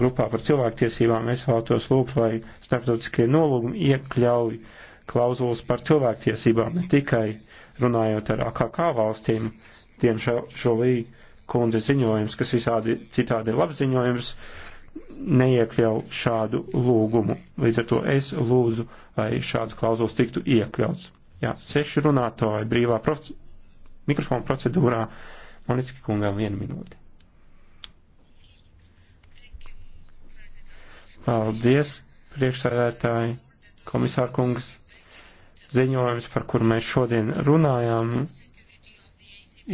S3: grupā par cilvēktiesībām, es vēlētos lūgt, lai starptautiskie nolūgumi iekļauj klauzulas par cilvēktiesībām, ne tikai runājot ar AKK valstīm, diemžēl šolī kundze ziņojums, kas visādi citādi ir labs ziņojums, neiekļauj šādu lūgumu. Līdz ar to es lūdzu, lai šāds klauzulas tiktu iekļauts. Jā, seši runātāji brīvā proc mikrofona procedūrā. Monitski kungam vienu minūti. Paldies, priekšsēdētāji, komisārkungs. Ziņojums, par kur mēs šodien runājām,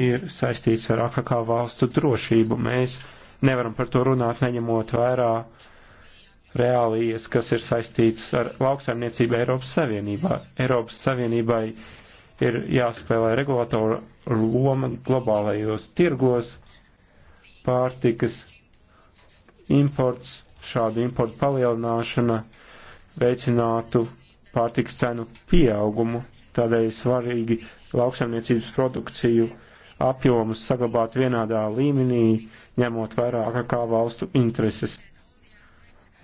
S3: ir saistīts ar AKK valstu drošību. Mēs nevaram par to runāt, neņemot vērā reālijas, kas ir saistīts ar lauksaimniecību Eiropas Savienībā. Eiropas Savienībai ir jāspēlē regulātora loma globālajos tirgos, pārtikas, imports šāda importa palielināšana veicinātu pārtiks cenu pieaugumu, tādēļ svarīgi lauksaimniecības produkciju apjomus saglabāt vienādā līmenī, ņemot vairāk kā valstu intereses.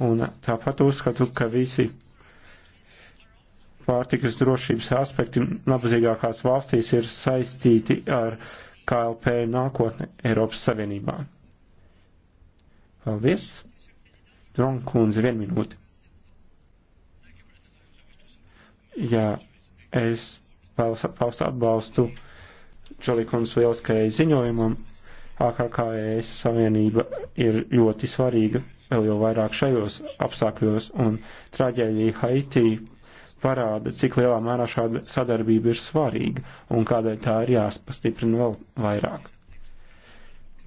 S3: Un tāpat uzskatu, ka visi pārtikas drošības aspekti nabadzīgākās valstīs ir saistīti ar KLP nākotni Eiropas Savienībā. Paldies! Tronkundze, vienu minūti. Jā, es paustu atbalstu Džolikunas lieliskajai ziņojumam. AKKS e savienība ir ļoti svarīga, vēl jau vairāk šajos apstākļos, un traģēdija Haitī parāda, cik lielā mērā šāda sadarbība ir svarīga un kādēļ tā ir jāpastiprina vēl vairāk.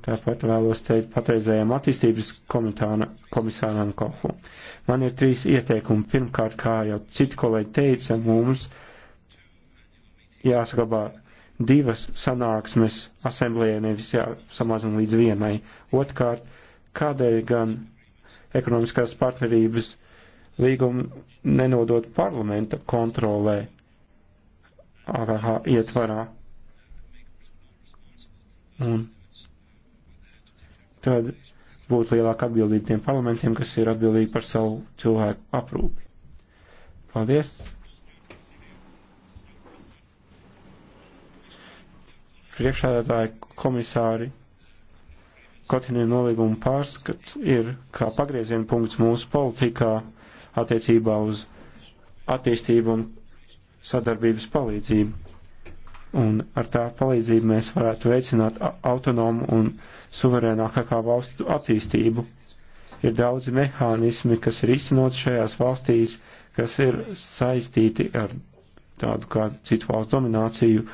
S3: Tāpat vēlos teikt patreizējiem attīstības komisāram Kohu. Man ir trīs ieteikumi. Pirmkārt, kā jau citi kolēģi teica, mums jāsaglabā divas sanāksmes asemblējai, nevis jāsamazina līdz vienai. Otkārt, kādēļ gan ekonomiskās partnerības līgumu nenodot parlamenta kontrolē AVH ietvarā? Un tad būtu lielāka atbildība tiem parlamentiem, kas ir atbildīgi par savu cilvēku aprūpi. Paldies! Priekšādātāji komisāri Kotina nolīguma pārskats ir kā pagrieziena punkts mūsu politikā attiecībā uz attīstību un sadarbības palīdzību un ar tā palīdzību mēs varētu veicināt autonomu un suverēnākākā valstu attīstību. Ir daudzi mehānismi, kas ir izcinots šajās valstīs, kas ir saistīti ar tādu kā citu valstu domināciju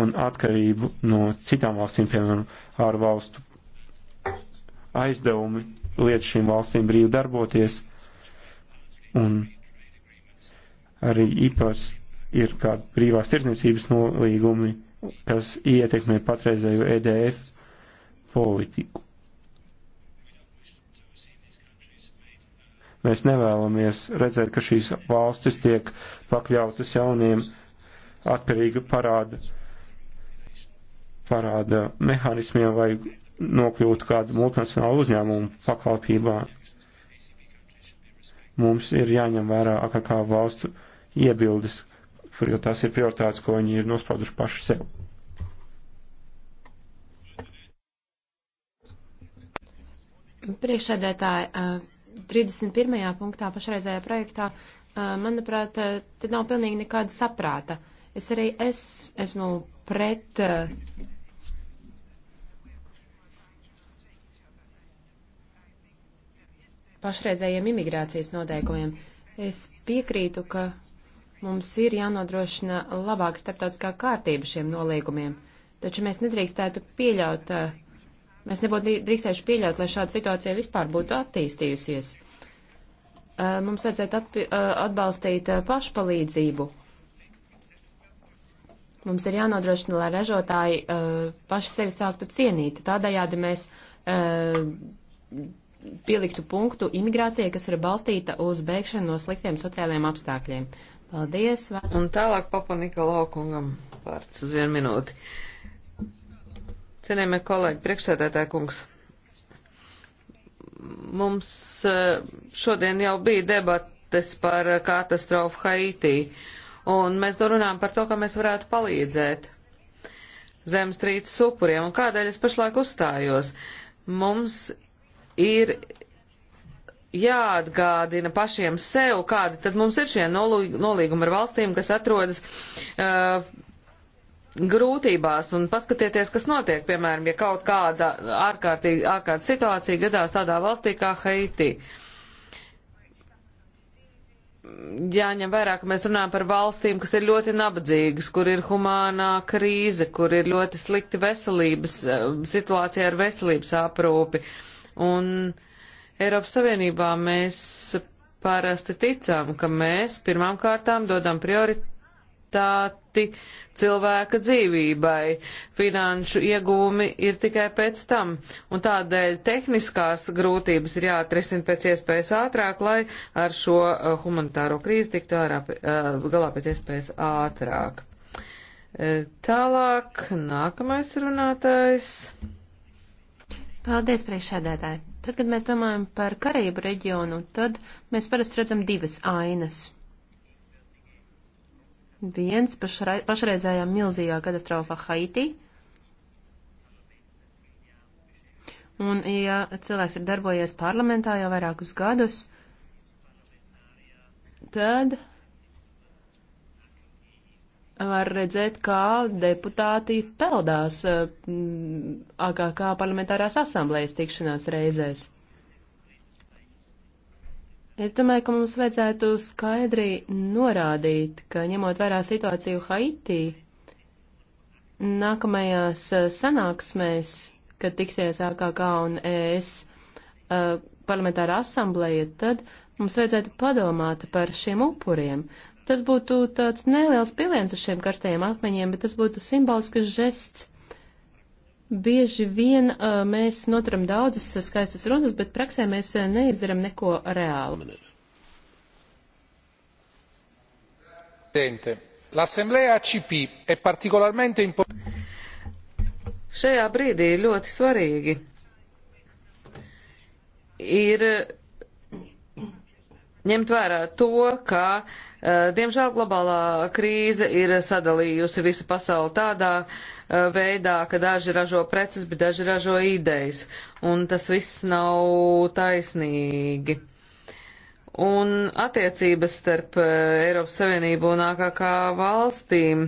S3: un atkarību no citām valstīm, piemēram, ārvalstu aizdevumi liet šīm valstīm brīvi darboties, un arī īpaši ir kādi brīvās tirdzniecības nolīgumi, kas ietekmē patreizēju EDF politiku. Mēs nevēlamies redzēt, ka šīs valstis tiek pakļautas jauniem atkarīga parāda, parāda mehānismiem vai nokļūt kādu multinacionālu uzņēmumu pakalpībā. Mums ir jāņem vērā AKK valstu iebildes, jo tās ir prioritātes, ko viņi ir nospauduši paši sev.
S2: Priekšsēdētāji, 31. Eh, punktā pašreizējā projektā, eh, manuprāt, eh, te nav pilnīgi nekāda saprāta. Es arī es esmu pret pašreizējiem imigrācijas noteikumiem. Es piekrītu, ka Mums ir jānodrošina labāka starptautiskā kārtība šiem nolīgumiem, taču mēs nedrīkstētu pieļaut, eh, mēs nebūtu drīkstējuši pieļaut, lai šāda situācija vispār būtu attīstījusies. Eh, mums vajadzētu eh, atbalstīt pašpalīdzību. Mums ir jānodrošina, lai ražotāji paši sevi sāktu cienīt. Tādējādi mēs pieliktu punktu imigrācijai, kas ir balstīta uz bēgšanu no sliktiem sociālajiem apstākļiem. Paldies. Vārds. Un tālāk papanika
S1: laukungam vārds uz vienu minūti. Cienījamie kolēģi, priekšsēdētāji kungs. Mums eh, šodien jau bija debates par eh, katastrofu Haitī, un mēs runājam par to, ka mēs varētu palīdzēt zemestrīces upuriem, un kādēļ es pašlaik uzstājos. Mums ir jāatgādina pašiem sev, kādi tad mums ir šie nolīgumi ar valstīm, kas atrodas uh, grūtībās, un paskatieties, kas notiek, piemēram, ja kaut kāda ārkārtīgi, ārkārt situācija gadās tādā valstī kā Haiti. Jāņem vērā, ka mēs runājam par valstīm, kas ir ļoti nabadzīgas, kur ir humānā krīze, kur ir ļoti slikti veselības uh, situācija ar veselības aprūpi. Un uh, Eiropas Savienībā mēs parasti ticam, ka mēs pirmām kārtām dodam prioritāti cilvēka dzīvībai. Finanšu iegūmi ir tikai pēc tam, un tādēļ tehniskās grūtības ir jāatrisina pēc iespējas ātrāk, lai ar šo uh, humanitāro krīzi tiktu ārā, uh, galā pēc iespējas ātrāk. Uh, tālāk, nākamais runātājs.
S2: Paldies, priekšsēdētāji. Tad, kad mēs domājam par Karību reģionu, tad mēs parasti redzam divas ainas. Viens pašra, pašreizējā milzīgā katastrofā Haiti. Un, ja cilvēks ir darbojies parlamentā jau vairākus gadus, tad var redzēt, kā deputāti peldās AKK eh, parlamentārās asamblējas tikšanās reizēs. Es domāju, ka mums vajadzētu skaidri norādīt, ka ņemot vērā situāciju Haitī, nākamajās eh, sanāksmēs, kad tiksies AKK un ES eh, parlamentāra asambleja, tad mums vajadzētu padomāt par šiem upuriem. Tas būtu tāds neliels piliens uz šiem karstajiem akmeņiem, bet tas būtu simbolisks žests. Bieži vien uh, mēs noturam daudzas skaistas runas, bet praksē mēs uh, neizdaram neko reāli.
S3: L'Assemblea ACP è particolarmente importante.
S1: Šajā brīdī ļoti svarīgi ir ņemt vērā to, ka, eh, diemžēl, globālā krīze ir sadalījusi visu pasauli tādā eh, veidā, ka daži ražo preces, bet daži ražo idejas, un tas viss nav taisnīgi. Un attiecības starp eh, Eiropas Savienību un AKK valstīm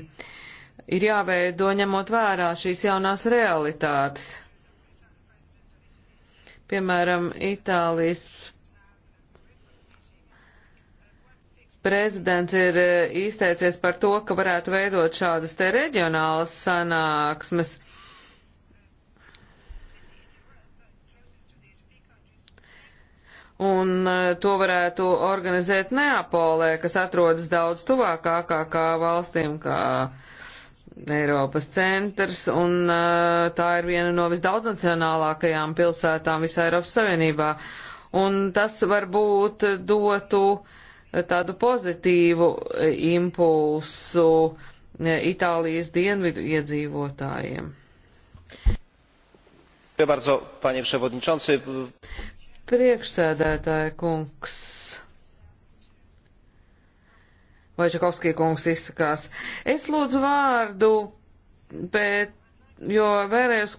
S1: ir jāveido ņemot vērā šīs jaunās realitātes. Piemēram, Itālijas prezidents ir e, izteicies par to, ka varētu veidot šādas te reģionālas sanāksmes. Un e, to varētu organizēt Neapolē, kas atrodas daudz tuvāk AKK valstīm, kā Eiropas centrs, un e, tā ir viena no visdaudznacionālākajām pilsētām visā Eiropas Savienībā. Un tas varbūt dotu uh, tādu pozitīvu e, impulsu e, Itālijas dienvidu iedzīvotājiem.
S3: Bardzo, panie przewodniczący.
S1: Priekšsēdētāja kungs. Vaļčakovskī kungs izsakās. Es lūdzu vārdu, bet, jo vēlējos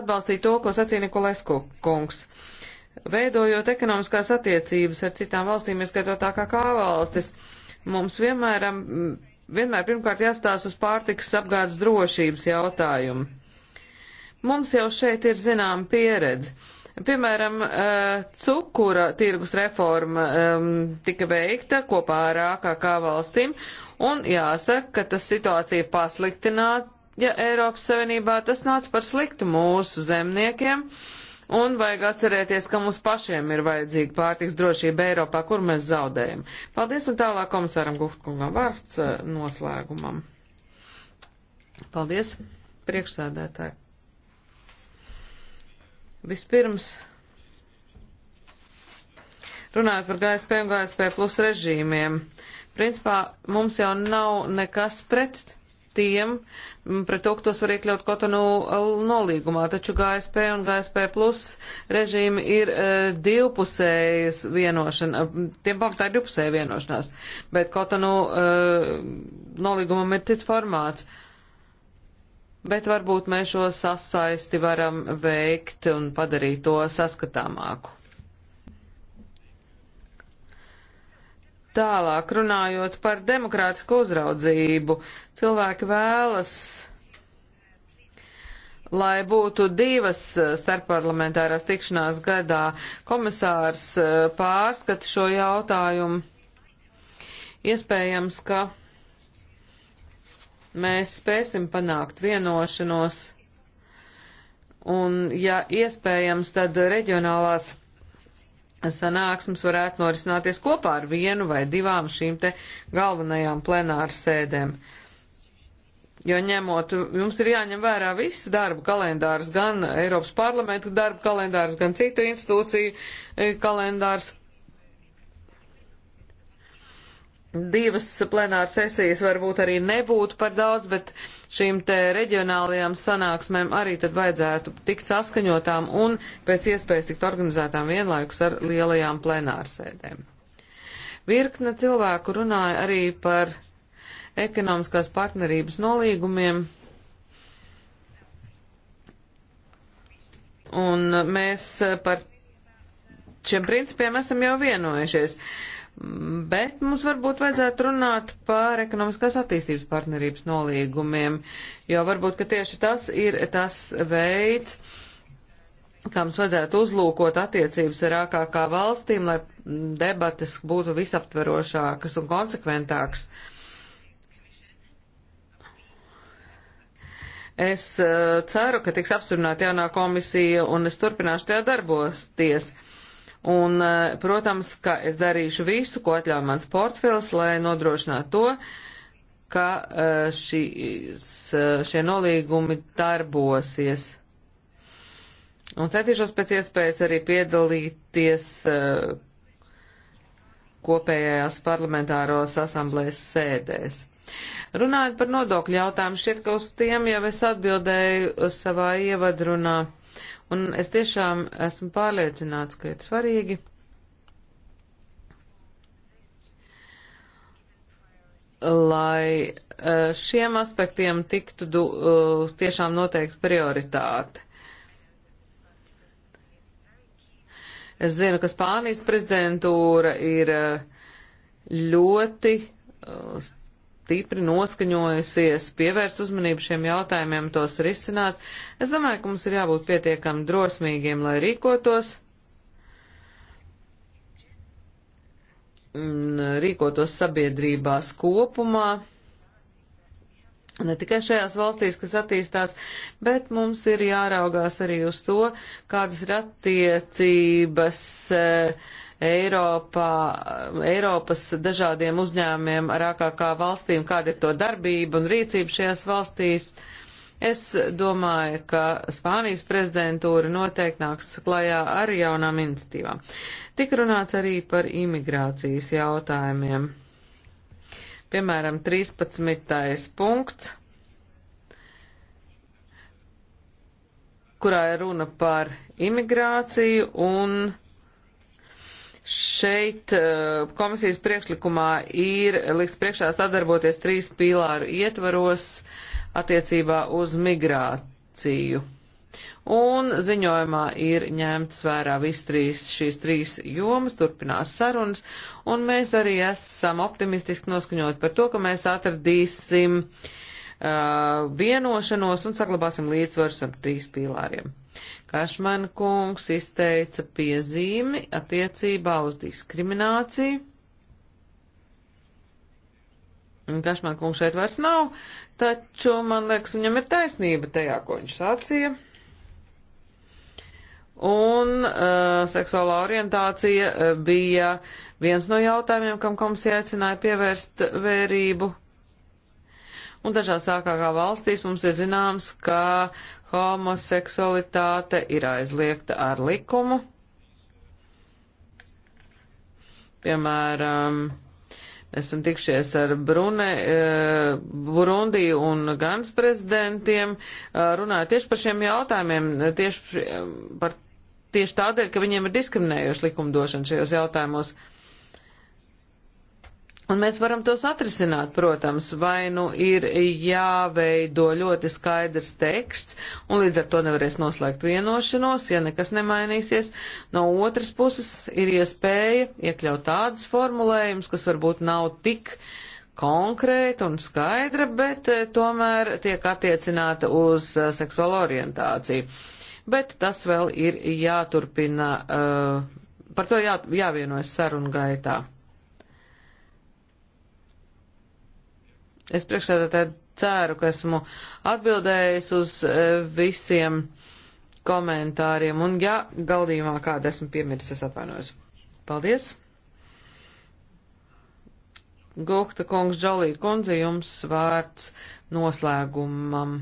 S1: atbalstīt to, ko sacīja Nikolesku kungs. Uh, Veidojot ekonomiskās attiecības ar citām valstīm, ieskaitot tā kā kā valstis, mums vienmēr, vienmēr pirmkārt jāstās uz pārtikas apgādes drošības jautājumu. Mums jau šeit ir zinām pieredze. Piemēram, eh, cukura tirgus reforma ehm, tika veikta kopā ar AKK valstīm, un jāsaka, ka tas situācija pasliktināja Eiropas Savienībā. Tas nāca par sliktu mūsu zemniekiem. Uh, Un vajag atcerēties, ka mums pašiem ir vajadzīga pārtiks drošība Eiropā, kur mēs zaudējam. Paldies un tālāk komisāram Guhtkungam vārds eh, noslēgumam. Paldies, priekšsēdētāji. Vispirms runājot par GSP un GSP plus režīmiem. Principā mums jau nav nekas pret tiem, mm, pret to, ka tos var iekļaut Kotonu uh, nolīgumā, taču GSP un GSP plus režīmi ir uh, divpusējas vienošana, mm, tiem pamatā ir divpusēja vienošanās, bet Kotonu uh, nolīgumam ir cits formāts. Bet varbūt mēs šo sasaisti varam veikt un padarīt to saskatāmāku. Tālāk runājot par demokrātisku uzraudzību, cilvēki vēlas, lai būtu divas eh, starpparlamentārās tikšanās gadā. Komisārs eh, pārskata šo jautājumu. Iespējams, ka mēs spēsim panākt vienošanos, un, ja iespējams, tad reģionālās sanāksmes varētu norisināties kopā ar vienu vai divām šīm te galvenajām plenāru sēdēm. Jo ņemot, jums ir jāņem vērā viss darba kalendārs, gan Eiropas parlamenta darba kalendārs, gan citu institūciju eh, kalendārs. divas plenāras sesijas varbūt arī nebūtu par daudz, bet šīm te reģionālajām sanāksmēm arī tad vajadzētu tikt saskaņotām un pēc iespējas tikt organizētām vienlaikus ar lielajām plenārsēdēm. Virkne cilvēku runāja arī par ekonomiskās partnerības nolīgumiem. Un mēs par šiem principiem esam jau vienojušies. Uh, Bet mums varbūt vajadzētu runāt par ekonomiskās attīstības partnerības nolīgumiem, jo varbūt, ka tieši tas ir tas veids, kā mums vajadzētu uzlūkot attiecības ar ārkārtā kā valstīm, lai debates būtu visaptverošākas un konsekventākas. Es uh, ceru, ka tiks apstiprināta jaunā komisija un es turpināšu tajā darbosties. Un, eh, protams, ka es darīšu visu, ko atļauj mans portfels, lai nodrošinātu to, ka eh, šīs, eh, šie nolīgumi darbosies. Un centīšos pēc iespējas arī piedalīties kopējās parlamentāros asamblēs sēdēs. Runājot par nodokļu jautājumu, šķiet, ka uz tiem jau es atbildēju savā ievadrunā. Un es tiešām esmu pārliecināts, ka ir svarīgi. lai eh, šiem aspektiem tiktu du, eh, tiešām noteikti prioritāte. Es zinu, ka Spānijas prezidentūra ir eh, ļoti stipri noskaņojusies pievērst uzmanību šiem jautājumiem, tos risināt. Es domāju, ka mums ir jābūt pietiekami drosmīgiem, lai rīkotos. Uh, rīkotos sabiedrībās kopumā, ne tikai šajās valstīs, kas attīstās, bet mums ir jāraugās arī uz to, kādas ir attiecības. Eh, Eiropā, Eiropas dažādiem uzņēmiem ar AKK valstīm, kāda ir to darbība un rīcība šajās valstīs. Es domāju, ka Spānijas prezidentūra noteikti nāks klajā ar jaunām iniciatīvām. Tik runāts arī par imigrācijas jautājumiem. Piemēram, 13. punkts, kurā ir runa par imigrāciju un Šeit eh, komisijas priekšlikumā ir likt priekšā sadarboties trīs pīlāru ietvaros attiecībā uz migrāciju. Un ziņojumā ir ņemts vērā viss trīs šīs trīs jomas, turpinās sarunas, un mēs arī esam optimistiski noskaņot par to, ka mēs atradīsim uh, Uh, vienošanos un saglabāsim līdzsvaru ar trīs pīlāriem. Kašman kungs izteica piezīmi attiecībā uz diskrimināciju. Kašman kungs šeit vairs nav, taču man liekas, viņam ir taisnība tajā, ko viņš sacīja. Un uh, seksuālā orientācija uh, bija viens no jautājumiem, kam komisija aicināja pievērst vērību un dažās ārkārtā valstīs mums ir zināms, ka homoseksualitāte ir aizliegta ar likumu. Piemēram, mēs esam tikšies ar Brune, eh, Burundiju un Gans prezidentiem, eh, runājot tieši par šiem jautājumiem, tieši eh, par tieši tādēļ, ka viņiem ir diskriminējoša likumdošana šajos jautājumos. Un mēs varam tos atrisināt, protams, vai nu ir jāveido ļoti skaidrs teksts, un līdz ar to nevarēs noslēgt vienošanos, ja nekas nemainīsies. No otras puses ir iespēja iekļaut tādas formulējumus, kas varbūt nav tik konkrēta un skaidra, bet eh, tomēr tiek attiecināta uz eh, seksuālo orientāciju. Bet tas vēl ir jāturpina, eh, par to jā, jāvienojas sarunu gaitā. Es priekšsēdētāji ceru, ka esmu atbildējis uz e, visiem komentāriem, un ja galdījumā kādu esmu piemiris, es atvainojos. Paldies! Gukta kungs, Džalī kundze, jums vārds noslēgumam.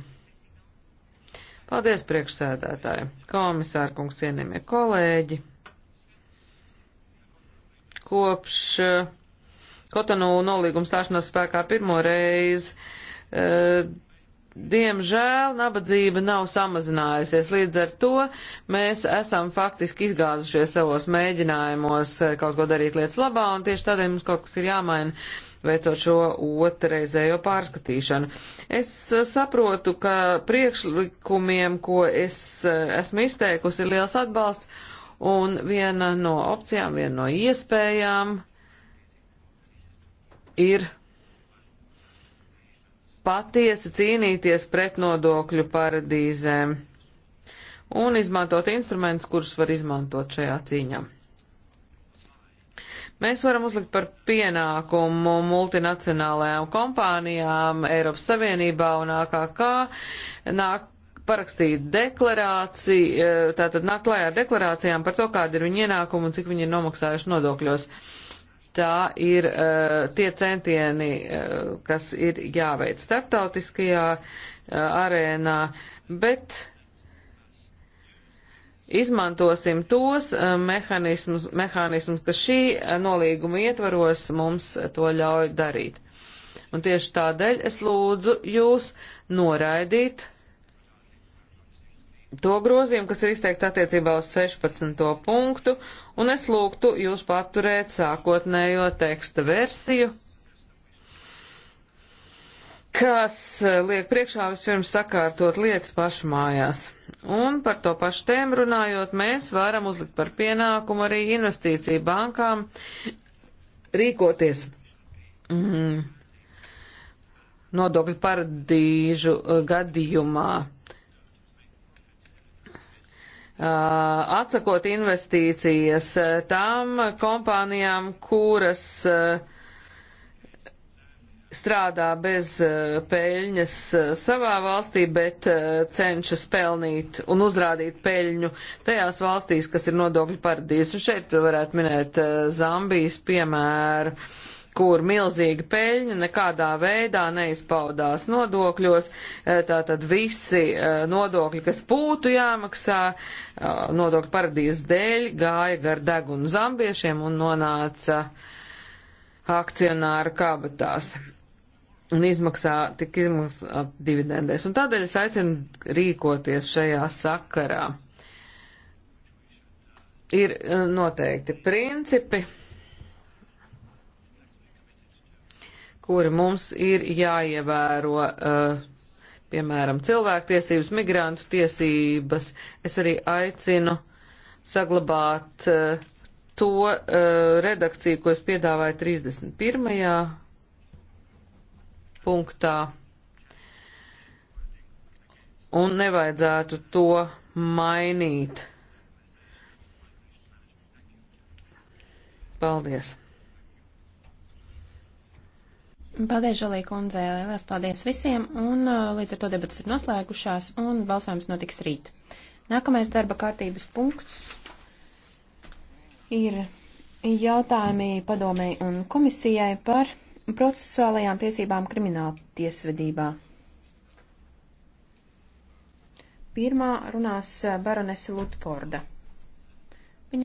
S1: Paldies, priekšsēdētāji, komisāra kungs, cienījamie kolēģi. Kopš uh, Kotonu nolīguma stāšanās spēkā pirmo reizi. E, diemžēl nabadzība nav samazinājusies. Līdz ar to mēs esam faktiski izgāzušies savos mēģinājumos e, kaut ko darīt lietas labā, un tieši tādēļ mums kaut kas ir jāmaina veicot šo otrreizējo pārskatīšanu. Es e, saprotu, ka priekšlikumiem, ko es e, esmu izteikusi, ir liels atbalsts, un viena no opcijām, viena no iespējām ir patiesi cīnīties pret nodokļu paradīzēm un izmantot instrumentus, kurus var izmantot šajā cīņā. Mēs varam uzlikt par pienākumu multinacionālajām kompānijām Eiropas Savienībā un AKK nāk parakstīt deklarāciju, eh, tātad nāk klājā ar deklarācijām par to, kāda ir viņa ienākuma un cik viņi ir nomaksājuši nodokļos. Uh, tā ir uh, tie centieni, uh, kas ir jāveic starptautiskajā uh, arēnā, bet izmantosim tos uh, mehānismus, mehānismus, kas šī uh, nolīguma ietvaros mums to ļauj darīt. Un tieši tādēļ es lūdzu jūs noraidīt to grozījumu, kas ir izteikts attiecībā uz 16. punktu, un es lūgtu jūs paturēt sākotnējo teksta versiju, kas eh, liek priekšā vispirms sakārtot lietas pašu mājās. Un par to pašu tēmu runājot, mēs varam uzlikt par pienākumu arī investīciju bankām rīkoties. Mm. Nodokļu paradīžu eh, gadījumā Uh, atsakot investīcijas uh, tām kompānijām, kuras uh, strādā bez peļņas savā valstī, bet cenšas pelnīt un uzrādīt peļņu tajās valstīs, kas ir nodokļu paradīzes. Un šeit varētu minēt Zambijas piemēru kur milzīga peļņa nekādā veidā neizpaudās nodokļos, eh, tātad visi eh, nodokļi, kas būtu jāmaksā, eh, nodokļu paradīzes dēļ gāja gar degunu zambiešiem un nonāca akcionāru kabatās un izmaksā, tik izmaksā dividendēs. Un tādēļ es aicinu rīkoties šajā sakarā. Ir noteikti principi kuri mums ir jāievēro, uh, piemēram, cilvēktiesības, migrantu tiesības. Es arī aicinu saglabāt uh, to uh, redakciju, ko es piedāvāju 31. punktā. Un nevajadzētu to mainīt. Paldies!
S2: Paldies, Žalī kundze, liels paldies visiem, un uh, līdz ar to debatas ir noslēgušās, un balsojums notiks rīt. Nākamais darba kārtības punkts ir jautājumi padomēji un komisijai par procesuālajām tiesībām krimināla tiesvedībā. Pirmā runās uh, baronese Lutforda.